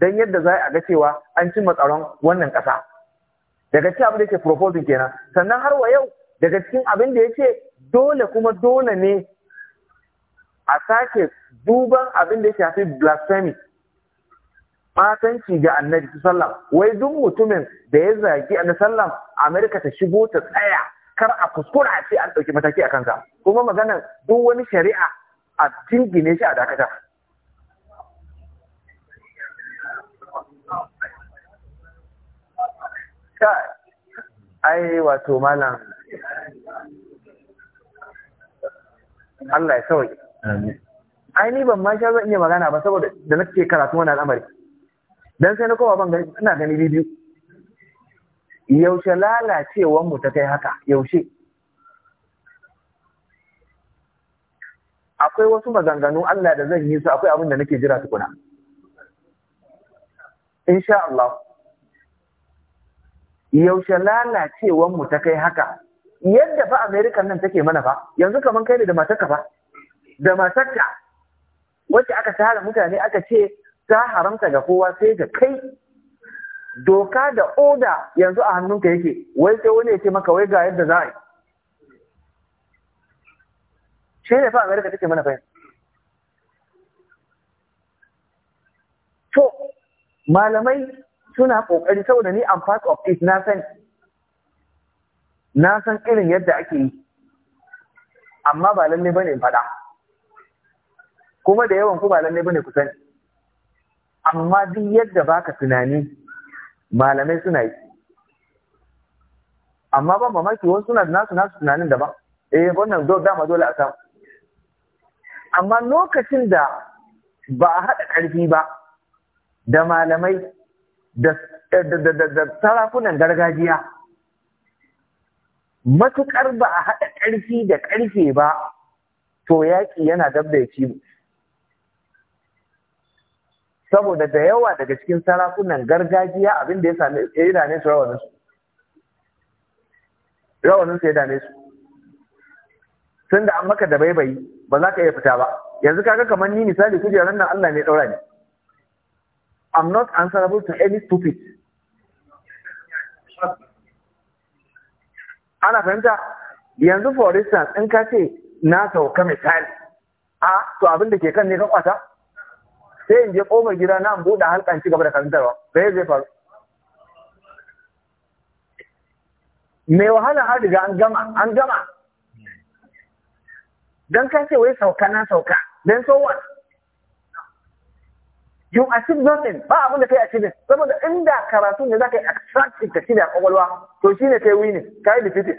don yadda za a ga cewa an cimma tsaron wannan ƙasa daga cikin abin da yake proposing kenan sannan har wa yau daga cikin abin da yake dole kuma dole ne a sake duban abin da ya shafi blasphemy batanci ga annabi sallam wai duk mutumin da ya zaki annabi sallam Amurka ta shigo ta tsaya kar a kuskura a ce an ɗauki mataki a kansa kuma maganar duk wani shari'a a tingine shi a dakata ai wato malam Allah ya sauke. Ai ni ban ma sha zan iya magana ba saboda da nake karatu wannan al'amari. dan sai na kowa ban gani ina gani biyu yaushe lalacewar mu ta kai haka yaushe akwai wasu maganganu Allah da zan yi su akwai abin da nake jira tukuna insha Allah yaushe lalacewar mu ta kai haka yadda fa American nan take mana fa yanzu kaman kai ne da matarka fa da matarka wacce aka tara mutane aka ce ta haramta ga kowa sai ga kai doka da oda yanzu a hannunka yake wai sai wani ya ce maka wai ga yadda za a yi shi ne fa amerika take mana fahimta to malamai suna kokari saboda ni am part of it na san na san irin yadda ake yi amma ba lalle bane in faɗa kuma da yawan ku ba lalle bane ku sani amma duk yadda baka tunani malamai suna yi amma ba mamaki wasu suna da nasu nasu tunanin ba eh wannan do dama dole a samu amma lokacin da ba a haɗa ƙarfi ba da malamai da sarakunan gargajiya matuƙar ba a haɗa ƙarfi da ƙarfe ba to yaƙi yana dabda ya ci saboda da yawa daga cikin sarakunan gargajiya abin da ya sami ya dane su rawanin su rawanin su ya dane su sun da an maka da baibayi ba za ka iya fita ba yanzu kaga kamar ni misali kujerar nan Allah ne daura ni I'm not answerable to any stupid ana fahimta yanzu for instance in ka ce na sauka misali a to abin da ke kan ne ka kwata sai in je kofar gida na an buɗe halkan ci gaba da karantarwa me zai faru mai wahala har daga an gama an gama don ka ce wai sauka na sauka don so what you achieve nothing ba abin da kai achieving saboda inda karatu ne zaka yi attractive ka shirya kwakwalwa to shine kai ka yi defeated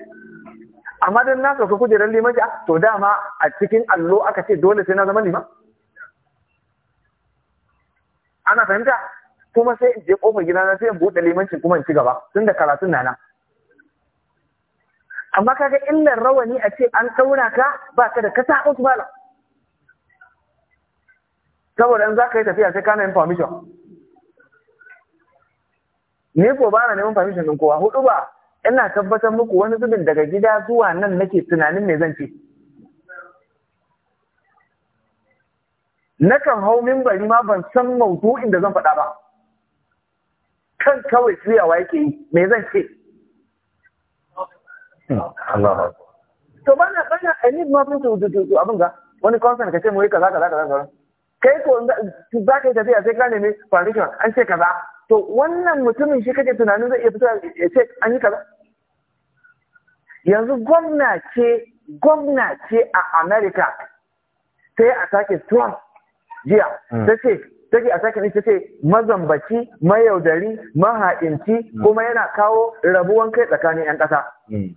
amma don na sauka kujerar limanci ah, to dama a cikin allo aka ce dole sai na zama liman ana fahimta kuma sai in je kofar gida na sai in buɗe limancin kuma in ci gaba tun da karatun na nan amma kaga illar rawani a ce an ɗaura ka ba ka da sa wasu malam saboda in za ka yi tafiya sai na yin permission ni ko ba na neman permission ɗin kowa hudu ba ina tabbatar muku wani zubin daga gida zuwa nan nake tunanin me zan ce nakan hau mimbari ma ban san maudu'in da zan faɗa ba kan kawai tsayawa yake yi me zan ce to bana bana i need more to to abin ga wani concern ka ce mu yi kaza kaza kaza kai ko za ka yi tafiya sai ka nemi foundation an ce kaza to wannan mutumin shi kake tunanin zai iya fita ya ce an yi kaza yanzu gwamna ce gwamna ce a america sai a sake trump jiya mm. ta ce take a sakin ta ce mazambaci mayaudari mahaɗinci mm. kuma yana kawo rabuwan kai tsakanin 'yan ƙasa mm.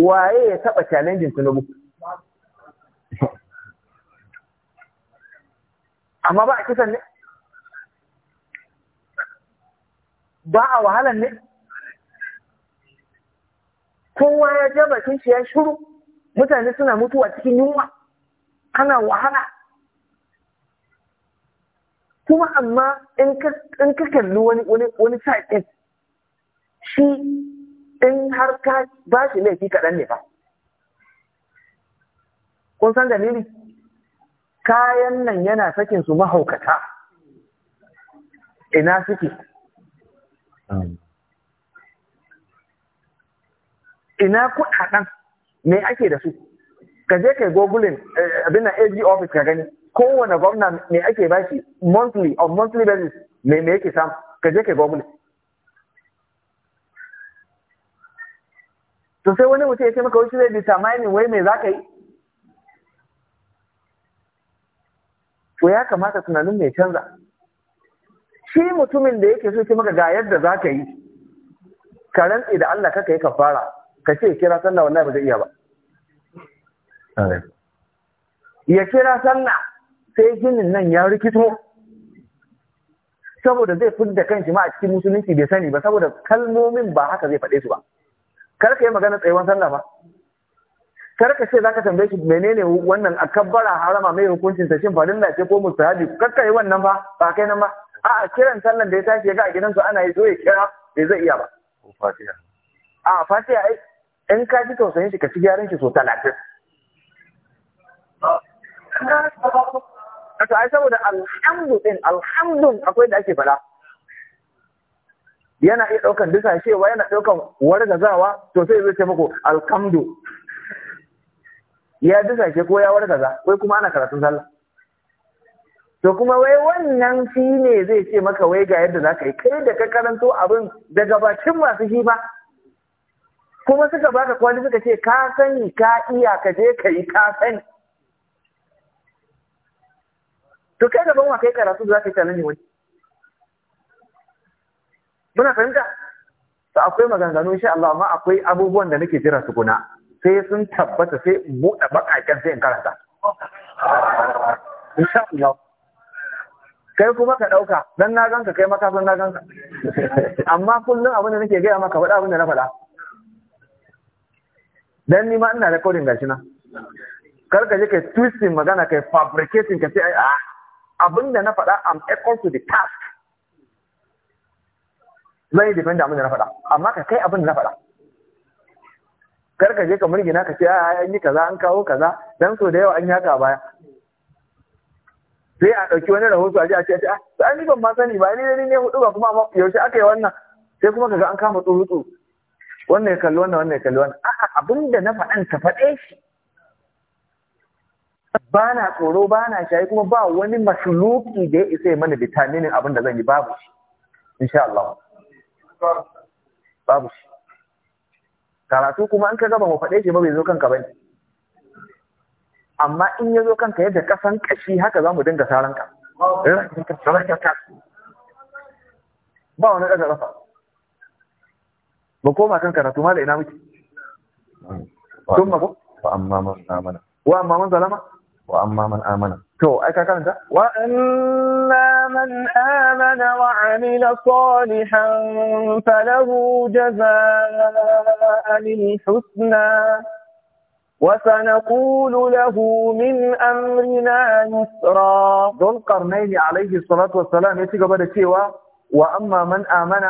waye ya taɓa challenging tinubu *laughs* amma ba a kisan ne ba a wahalan ne kowa ya ja bakin shi ya shuru mutane suna mutuwa cikin yunwa ana wahala kuma amma in ka kalli wani wani shi in har ka ba shi laifi kaɗan ne ba. kun san dalili kayan nan yana sakin su mahaukata ina suke ina kuɗaɗen me ake da su ka je kai gogulin eh, abin na AG office ka gani kowane gwamna me ake bashi monthly on monthly basis me me yake samu ka je kai gwamnati to sai wani mutum ya ce maka wai shi zai determine wai me za ka yi to ya kamata tunanin mai canza shi mutumin da yake so ce maka ga yadda za ka yi ka rantse da Allah kaka yi ka fara ka ce kira sallah wallahi ba zai iya ba ya kira sallah sai ginin nan ya rikito saboda zai fidda kanshi ma a cikin musulunci bai sani ba saboda kalmomin ba haka zai faɗe su ba kar ka yi magana tsayuwan sallah ba kar ka ce zaka tambaye shi menene wannan akabbara harama mai hukuncin ta shin da ce ko mustahabi kar ka yi wannan ba ba kai nan ba a'a kiran sallan da ya tashi ya ga a gidansu ana yi zo ya kira bai zai iya ba a fatiha ai in ka ji tausayin shi ka ci gyaran shi so talatin Aka ai saboda alhamdu din alhamdu akwai da ake fada. Yana iya ɗaukan cewa yana ɗaukan wargazawa to sai zai ce muku alhamdu. Ya ke ko ya wargaza wai kuma ana karatun sallah. To kuma wai wannan shi ne zai ce maka wai ga yadda zaka yi kai da ka karanto abin daga bakin masu shi ba. Kuma suka baka kwali suka ce ka sani ka iya ka je ka yi ka sani. to kai gaban wa kai karatu za ka yi challenge wani muna fahimta to akwai maganganu insha Allah amma akwai abubuwan da nake jira tukuna sai sun tabbata sai in buɗe bakaken sai in karanta insha Allah kai kuma ka ɗauka dan na ganka kai maka san na ganka amma kullum abin da nake gaya maka faɗa abin da na faɗa dan ni ma ina recording gashi na kar ka je kai twisting magana kai fabricating ka sai ai ah, abin da na faɗa am equal to the task zan yi da abin da na faɗa amma ka kai abin da na faɗa kar ka je ka murgina ka ce a ah, an yi kaza an kawo kaza dan so da yawa an yaka baya sai a ɗauki wani rahoto a ji a ce a ah, to an ban ma sani ba ni ne hudu ba kuma yaushe aka yi wannan sai kuma kaga an kama tsuru wannan ya kalli wannan wannan ya kalli wannan a'a abin da na faɗan ka faɗe shi ba na tsoro ba na shayi kuma ba wani mashuluki da ya isa ya mana vitaminin abin da zan yi babu shi insha Allah babu shi karatu kuma an ka gaba mu faɗe shi ba bai zo kanka ba amma in ya zo kanka yadda ka san kashi haka za mu dinga saran ka ba wani ɗaga ƙafa mu koma kan karatu ma da ina muke tun mako wa amma man zalama wa amma man amana to ai ka karanta wa amma man amana wa amila salihan falahu jazaa'an husna وسنقول له من أمرنا يسرا ذو القرنين عليه الصلاة والسلام يتقبل التيوى وأما من آمن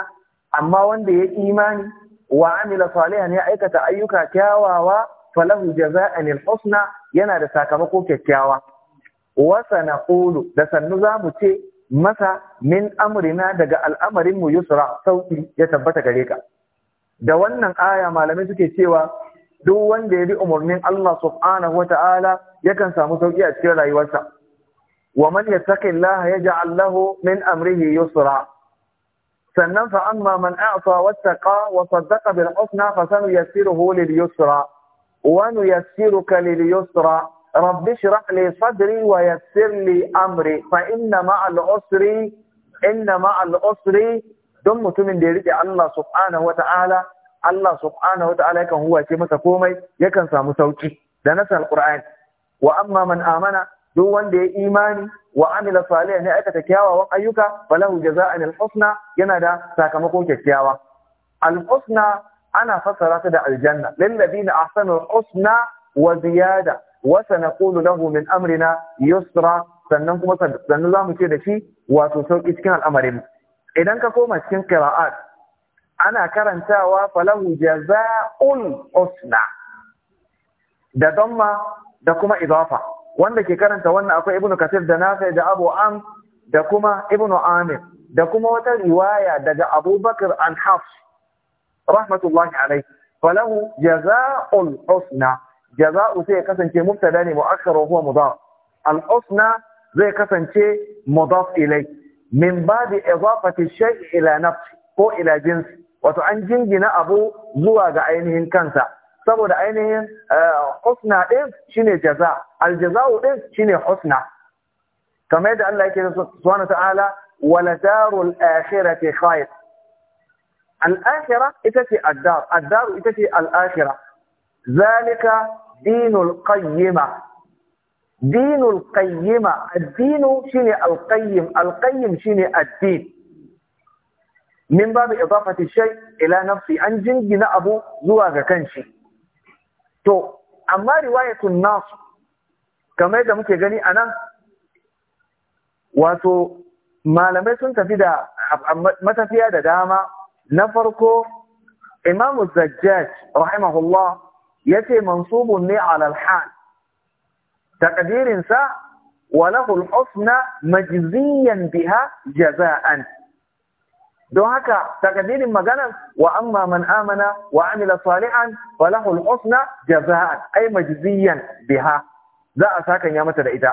أما وندي إيمان وعمل صالحا يا أيكة أيك كاواوا فله جزاء الحسنى yana da sakamako kyakkyawa wasa na ƙulu da sannu za mu ce masa min amrina daga al'amarinmu yusra sauƙi ya tabbata gare ka da wannan aya malamai suke cewa duk wanda ya bi umarnin Allah subhanahu ta'ala yakan samu sauƙi a cikin rayuwarsa wa man ya ja Allahu min amrihi yusra sannan fa amma man a'ta wattaqa wa saddaqa bil husna fa sanuyassiruhu lil yusra ونيسرك لليسرى رب اشرح لي صدري ويسر لي امري فان مع العسر ان مع العسر دم متوم ديري الله سبحانه وتعالى الله سبحانه وتعالى كان هو يكي مسا كومي يكن سامو سوتي ده القران واما من امن دو دي ايماني وعمل صالحا هي اكتا كياوا وايوكا فله جزاء الحسنى ينا ده ساكمكو كياوا الحسنى ana fassara ta da aljanna lillazina ahsanul husna wa ziyada wa sanaqulu lahu min amrina yusra sannan kuma sannan zamu ce da shi wato sauki cikin al'amarin idan ka koma cikin qira'at ana karantawa falahu jaza'ul usna da damma da kuma idafa wanda ke karanta wannan akwai ibnu kasir da nafi da abu am da kuma ibnu amir da kuma wata riwaya daga abubakar an hafs rahmatullahi alai. falahu jaza'ul husna jaza'u sai kasance murtala ne mu'akkar huwa mudaf al husna zai kasance mudaf ilai min babi idafati shai ila nafsi ko ila jinsi wato an jingina abu zuwa ga ainihin kansa saboda ainihin eh, husna ɗin shine jaza al jaza'u din shine husna kamar yadda Allah yake subhanahu wa ta'ala wala darul akhirati khair al'akhira ita ce addar addaru ita ce al'akhira zalika dinul qayyima dinul qayyima addinu shine alƙayyim, alqayyim shine addin min babu idafati shay ila nafsi an jingina abu zuwa ga kanshi to amma riwayatun nas kamar da muke gani anan wato malamai sun tafi da matafiya da dama na farko imamu zajjaj rahimahullah ya ce mansubun ne alal hal takadirinsa wa husna majziyan biha jaza'an don haka takadirin maganar wa amma man amana wa amila salihan Walahul lahul husna jaza'an ai majziyan biha za a sakan ya mata da ita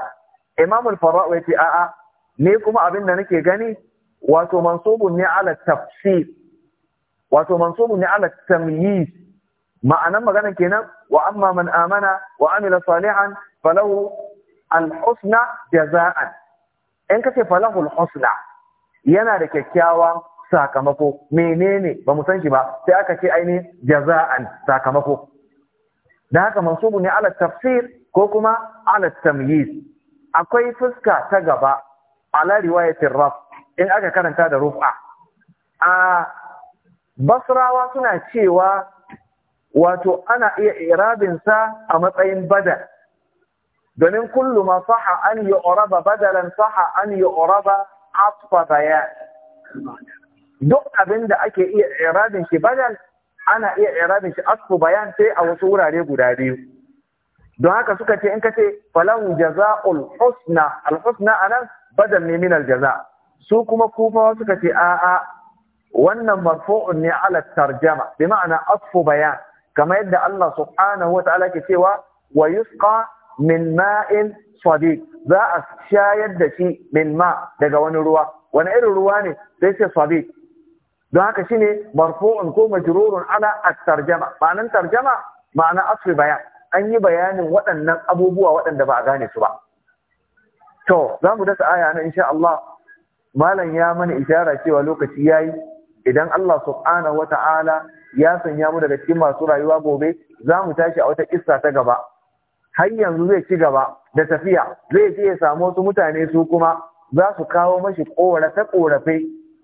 imamul farra'u ya ce a'a ne kuma abin da nake gani wato mansubun ne ala tafsir wato mansubun ne ala tamyiz ma'anan magana kenan wa amma man amana wa amila salihan falahu al-husna jaza'an in kace falahu al-husna yana da kyakkyawan sakamako menene ba mu san shi ba sai aka ce aini jaza'an sakamako da haka mansubu ne ala tafsir ko kuma ala tamyiz akwai fuska ta gaba ala riwayatir raf in aka karanta da rufa a basrawa suna cewa wato ana iya irabinsa a matsayin badal domin kullum ma saha an yi oraba badalan saha an yi oraba asfa bayan duk abinda ake iya irabin shi badal ana iya irabin shi asfu bayan sai a wasu wurare guda biyu don haka suka ce in ka ce falahu jaza'ul husna al husna anan badal ne min al jaza su kuma kufawa suka ce a'a wannan marfu'un ne ala tarjama bi ma'ana asfu bayan kama yadda Allah subhanahu wata'ala ke cewa wa yusqa min ma'in sadiq za a shayar da shi min ma daga wani ruwa wani irin ruwa ne sai ce sadiq don haka shine marfu'un ko majrurun ala at-tarjama ma'anan tarjama ma'ana asfu bayan an yi bayanin waɗannan abubuwa waɗanda ba a gane su ba to za mu dasa aya na insha Allah malam ya mana ishara cewa lokaci yayi idan Allah subhanahu ta'ala ya sanya mu daga cikin masu rayuwa gobe za mu tashi a wata kissa ta gaba har yanzu zai ci gaba da tafiya zai je ya samu wasu mutane su kuma za su kawo mashi korafe korafe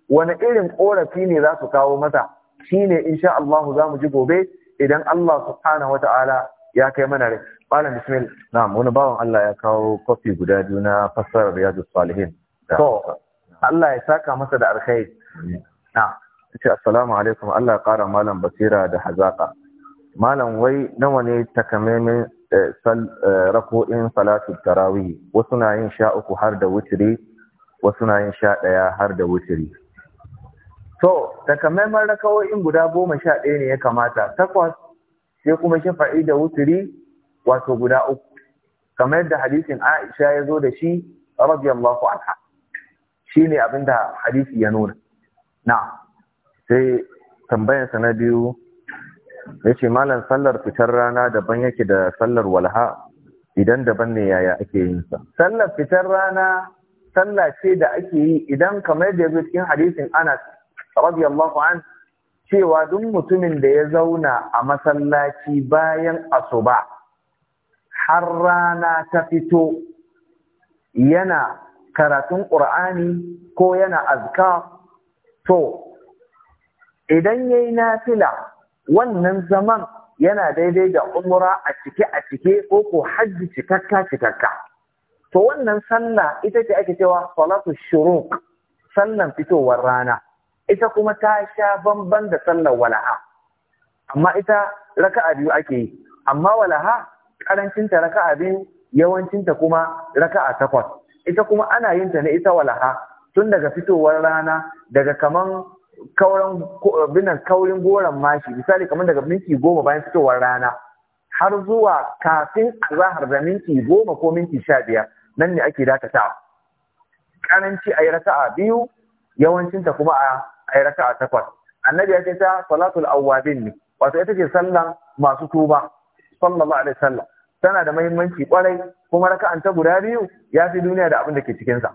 wani irin korafi ne za su kawo masa shine insha Allah za mu ji gobe idan Allah subhanahu ta'ala ya kai mana rai malam bismillah na'am wani bawan Allah ya kawo kofi guda biyu na fassarar riyadus salihin to Allah ya saka masa da alkhairi na'am ce assalamu alaikum Allah ya ƙara malam basira da hazaƙa malam wai nawa ne takamaimin eh, eh, rako'in salatu tarawih wasu na yin sha uku har da wuturi, wasu na yin sha ɗaya har da wuturi. to takamaiman rakawo'in guda goma sha ɗaya ne ya kamata takwas sai kuma shafa'i da wuturi wato guda uku kamar da hadisin Aisha ya zo da shi radiyallahu anha shine abinda hadisi ya nuna na'am sai tambayarsa na biyu ya ce malam sallar fitar rana daban yake da sallar walha idan daban ne yaya ake yin sa sallar fitar rana sallah ce da ake yi idan kamar da yazo cikin hadisin Anas radiyallahu an cewa duk mutumin da ya zauna a masallaci bayan asuba har rana ta fito yana karatun Qur'ani ko yana azkar to idan yayi nafila wannan zaman yana daidai da umura a cike a cike ko ko hajji cikakka cikakka to wannan sallah ita ce ake cewa salatu shuruq sallan fitowar rana ita kuma ta sha bamban da sallar walaha amma ita raka'a biyu ake yi amma walaha raka raka'a biyu yawancinta kuma raka'a takwas ita kuma ana yin ta ne ita walaha tun daga fitowar rana daga kaman kauran binan kaurin goron mashi misali kamar daga minti goma bayan fitowar rana har zuwa kafin azahar da minti goma ko minti sha biyar nan ne ake dakatawa karanci a yi raka'a biyu yawancin ta kuma a yi raka'a takwas annabi ya ce ta salatul awwabin ne wato ita ce sallan masu tuba sallallahu alaihi wasallam tana da muhimmanci kwarai kuma raka'an ta guda biyu ya fi duniya da abin da ke cikinsa.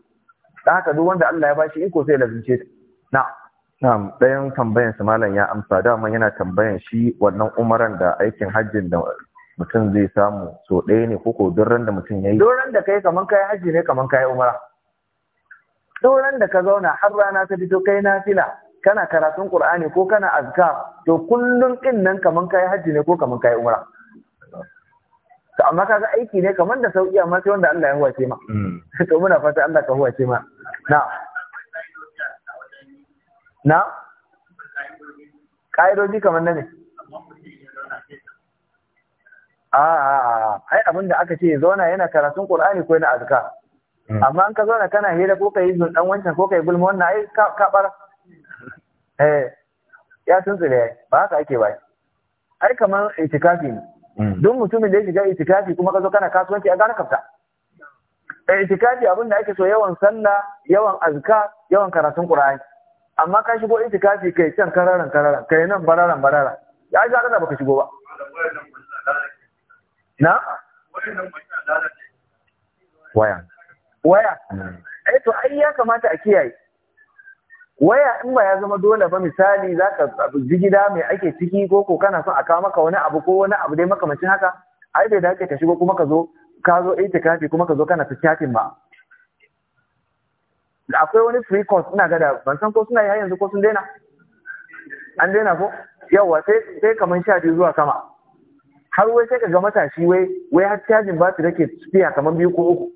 sa haka duk wanda Allah ya bashi iko sai lazimce ta na'am Na'am, ɗayan tambayan su malam ya amsa dama yana tambayan shi wannan umaran da aikin hajjin da mutum zai samu so ɗaya ne koko duran da mutum ya yi. Duran da kai kaman kai hajji ne kaman kai umara. Duran da ka zauna har rana ta fito kai na fila, kana karatun Qur'ani ko kana azka to kullum ɗin nan kaman kai hajji ne ko kaman kai umara. To amma kaga aiki ne kaman da sauki amma sai wanda Allah ya huwace ma. Mm. *laughs* To muna fata Allah ka huwace ma. Na'am. na ƙa'idoji kamar na ne a abin da aka ce zauna yana karatun ƙulani ko yana azuka hmm. amma an ka zauna kana hira ko ka yi dan wancan ko kai gulma wannan ai ka ka bar *laughs* eh ya ba haka ake ba ai kamar itikafi ne hmm. don mutumin da ya shiga itikafi kuma ka zo kana kasuwanci a gane kafta eh, itikafi abin da ake so yawan sallah yawan azuka yawan karatun ƙulani amma ka shigo itikafi kai can kararan kararan kai nan bararan bararan ya ji haka baka shigo ba na waya waya hmm. eh to ai ya kamata a kiyaye waya in ba ya zama dole ba misali za ka ji gida mai ake ciki ko ko kana son a kawo maka wani abu ko wani abu dai makamacin haka ai bai dace ka shigo kuma ka zo ka zo itikafi kuma ka zo kana ta chatting ba akwai wani free course ina gada ban san ko suna yi yanzu ko sun daina an daina ko yawa sai sai kaman sha zuwa sama har wai sai ka matashi wai wai har cajin ba su dake tafiya kaman biyu ko uku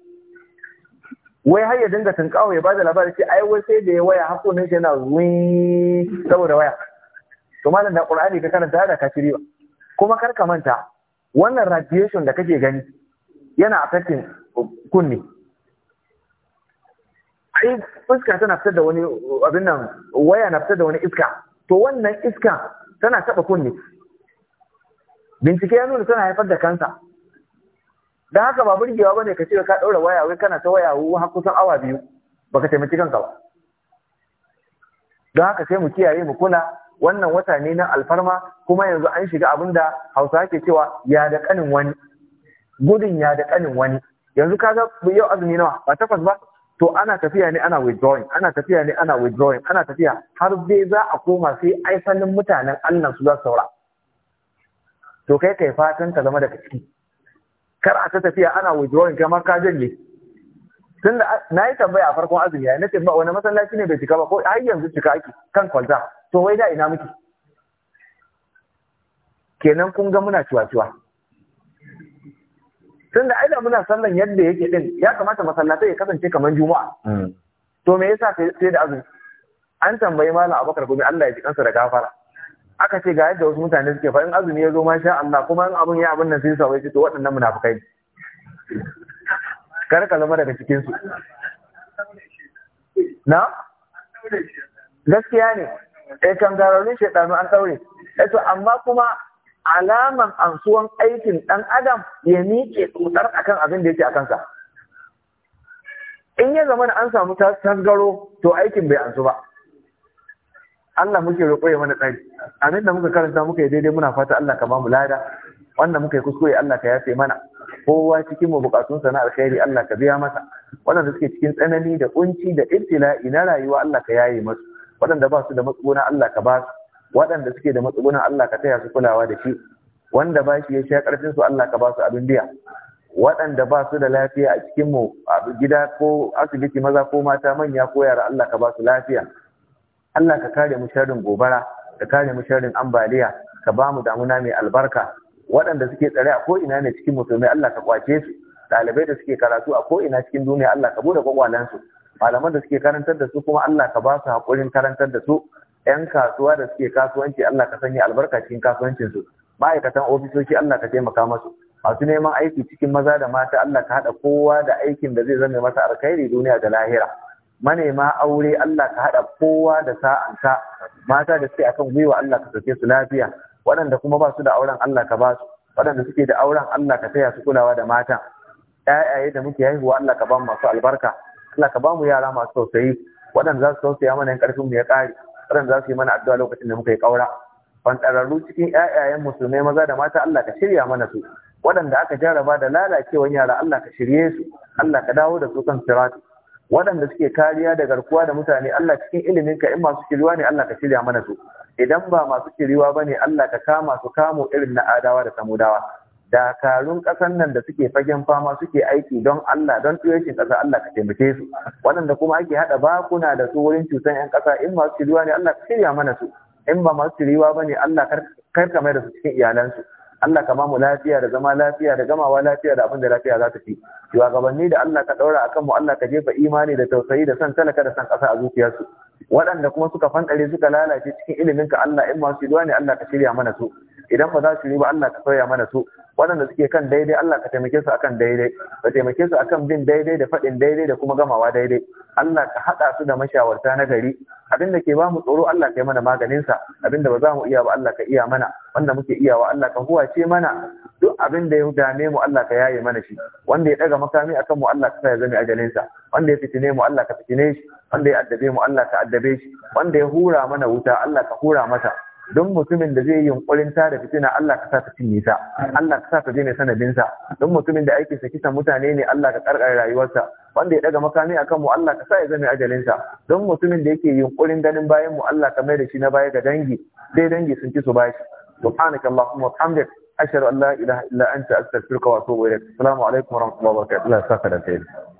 wai har ya dinga tunkawa ya bada labari ce ai wai sai da ya waya hako sunan yana zuwi saboda waya to malam da qur'ani ka karanta da ka ba kuma kar ka manta wannan radiation da kake gani yana affecting kunne ai fuska tana fitar da wani abin nan waya na fitar da wani iska to wannan iska tana taba kunne bincike ya nuna tana haifar da kansa dan haka ba burgewa bane ka ce ka daura waya wai kana ta waya har kusan awa biyu baka taimaki kanka ba don haka sai mu kiyaye mu kula wannan wata ne na alfarma kuma yanzu an shiga abin da hausa ke cewa ya da kanin wani gudun ya da kanin wani yanzu kaga yau azumi nawa ba takwas ba to ana tafiya ne ana withdrawing ana tafiya ne ana withdrawing ana tafiya har dai za a koma sai sanin mutanen Allah su za su saura to kai kai fatan ka zama daga ciki kar a ta tafiya ana withdrawing kamar ka janye tunda na yi tambaya a farkon azumi ya nace ba wani masallaci ne bai cika ba ko har yanzu cika ake kan kwalta to wai da ina muke kenan kun ga muna ciwa-ciwa tunda ai da muna sallan yadda yake din ya kamata masallatai ya kasance kamar juma'a hmm. to me yasa sai da azumi an tambayi malam abakar gobe Allah ya ji kansa da gafara aka ce ga yadda wasu mutane suke fa in azumi ya zo ma sha Allah kuma in abun ya abun nan sai sa wai to waɗannan munafikai ne kar ka zama daga cikin su na gaskiya ne eh kan gararun shedanu an daure eh to amma kuma alaman ansuwan aikin ɗan adam ya miƙe tsutsar akan abin da yake a kansa in ya zama da an samu tasgaro to aikin bai ansu ba Allah muke roƙo ya mana tsari abin da muka karanta muka yi daidai muna fata Allah ka ba mu lada wanda muka yi kuskure Allah ka yafe mana kowa cikin mu bukatun sana alkhairi Allah ka biya masa waɗanda suke cikin tsanani da kunci da ibtila'i na rayuwa Allah ka yaye masu waɗanda ba su da matsuguna Allah ka ba su waɗanda suke da matsugunan Allah ka taya su kulawa da shi wanda ba shi ya sha ƙarfin su Allah ka ba su abin biya waɗanda ba su da lafiya a cikin mu a gida ko asibiti maza ko mata manya ko yara Allah ka ba su lafiya Allah ka kare mu sharrin gobara ka kare mu sharrin ambaliya ka ba mu damuna mai albarka waɗanda suke tsare a ko'ina ne cikin musulmai Allah ka kwace su ɗalibai da suke karatu a ko'ina cikin duniya Allah ka bude kwakwalansu malaman da suke karantar da su kuma Allah ka ba su haƙurin karantar da su 'yan kasuwa da suke kasuwanci Allah ka sanya albarka cikin kasuwancin su ma'aikatan ofisoshi Allah ka taimaka masu masu neman aiki cikin maza da mata Allah ka haɗa kowa da aikin da zai zame masa alkhairi duniya da lahira manema aure Allah ka haɗa kowa da sa'anka mata da suke akan gwiwa Allah ka sauke su lafiya waɗanda kuma ba su da auren Allah ka ba su waɗanda suke da auren Allah ka taya su kulawa da mata ƴaƴaye da muke haihuwa Allah ka ba mu masu albarka Allah ka ba mu yara masu tausayi waɗanda za su tausaya mana yan ƙarfin ya ƙare Waɗanda za su yi mana addu'a lokacin da muka yi kaura fantararru cikin ƴaƴayen musulmai maza da mata Allah ka shirya mana su waɗanda aka jaraba da lalacewar yara Allah ka shirye su Allah ka dawo da su kan sirati waɗanda suke kariya da garkuwa da mutane Allah cikin ilimin ka in masu shiriwa ne Allah ka shirya mana su idan ba masu shiriwa ne, Allah ka kama su kamo irin na adawa da samudawa dakarun ƙasan nan da suke fagen fama suke aiki don Allah don tuyoshin ƙasa Allah ka taimake su waɗanda kuma ake haɗa bakuna da su wurin cutan 'yan ƙasa in masu ciriwa ne Allah ka shirya mana su in ba masu ciriwa ba ne Allah kar ka mai da su cikin iyalansu Allah ka mu lafiya da zama lafiya da gamawa lafiya da abin da lafiya za ta fi shugabanni da Allah ka ɗaura a kanmu Allah ka jefa imani da tausayi da san talaka da san ƙasa a zuciyarsu waɗanda kuma suka fanɗare suka lalace cikin ilimin ka Allah in masu ciriwa ne Allah ka shirya mana su idan ba za su yi ba Allah ka sauya mana su waɗanda suke kan daidai Allah ka taimake su akan daidai ka taimake su akan bin daidai da faɗin daidai da kuma gamawa daidai Allah ka haɗa su da mashawarta na gari abin da ke ba mu tsoro Allah ka yi mana maganin sa abin da ba za mu iya ba Allah ka iya mana wanda muke iyawa Allah ka huwace mana duk abin ya dame mu Allah ka yaye mana shi wanda ya daga makami akan mu Allah ka sa ya zame ajalin wanda ya fitine mu Allah ka fitine shi wanda ya addabe mu Allah ka addabe shi wanda ya hura mana wuta Allah ka hura masa don mutumin da zai yi yunkurin ta da fitina Allah ka sa ta cinye ta Allah ka sa ta daina sanadin sa don mutumin da aikin sa kisan mutane ne Allah ka karkare rayuwarsa wanda ya daga makami akan mu Allah ka sa ya zame ajalin sa don mutumin da yake yunkurin ganin bayan mu Allah ka mai da shi na baya ga dangi sai dangi sun ci su bashi subhanaka allahumma wa bihamdik ashhadu an la ilaha illa anta astaghfiruka wa atubu ilaik assalamu alaikum wa rahmatullahi wa barakatuh Allah ya saka da kai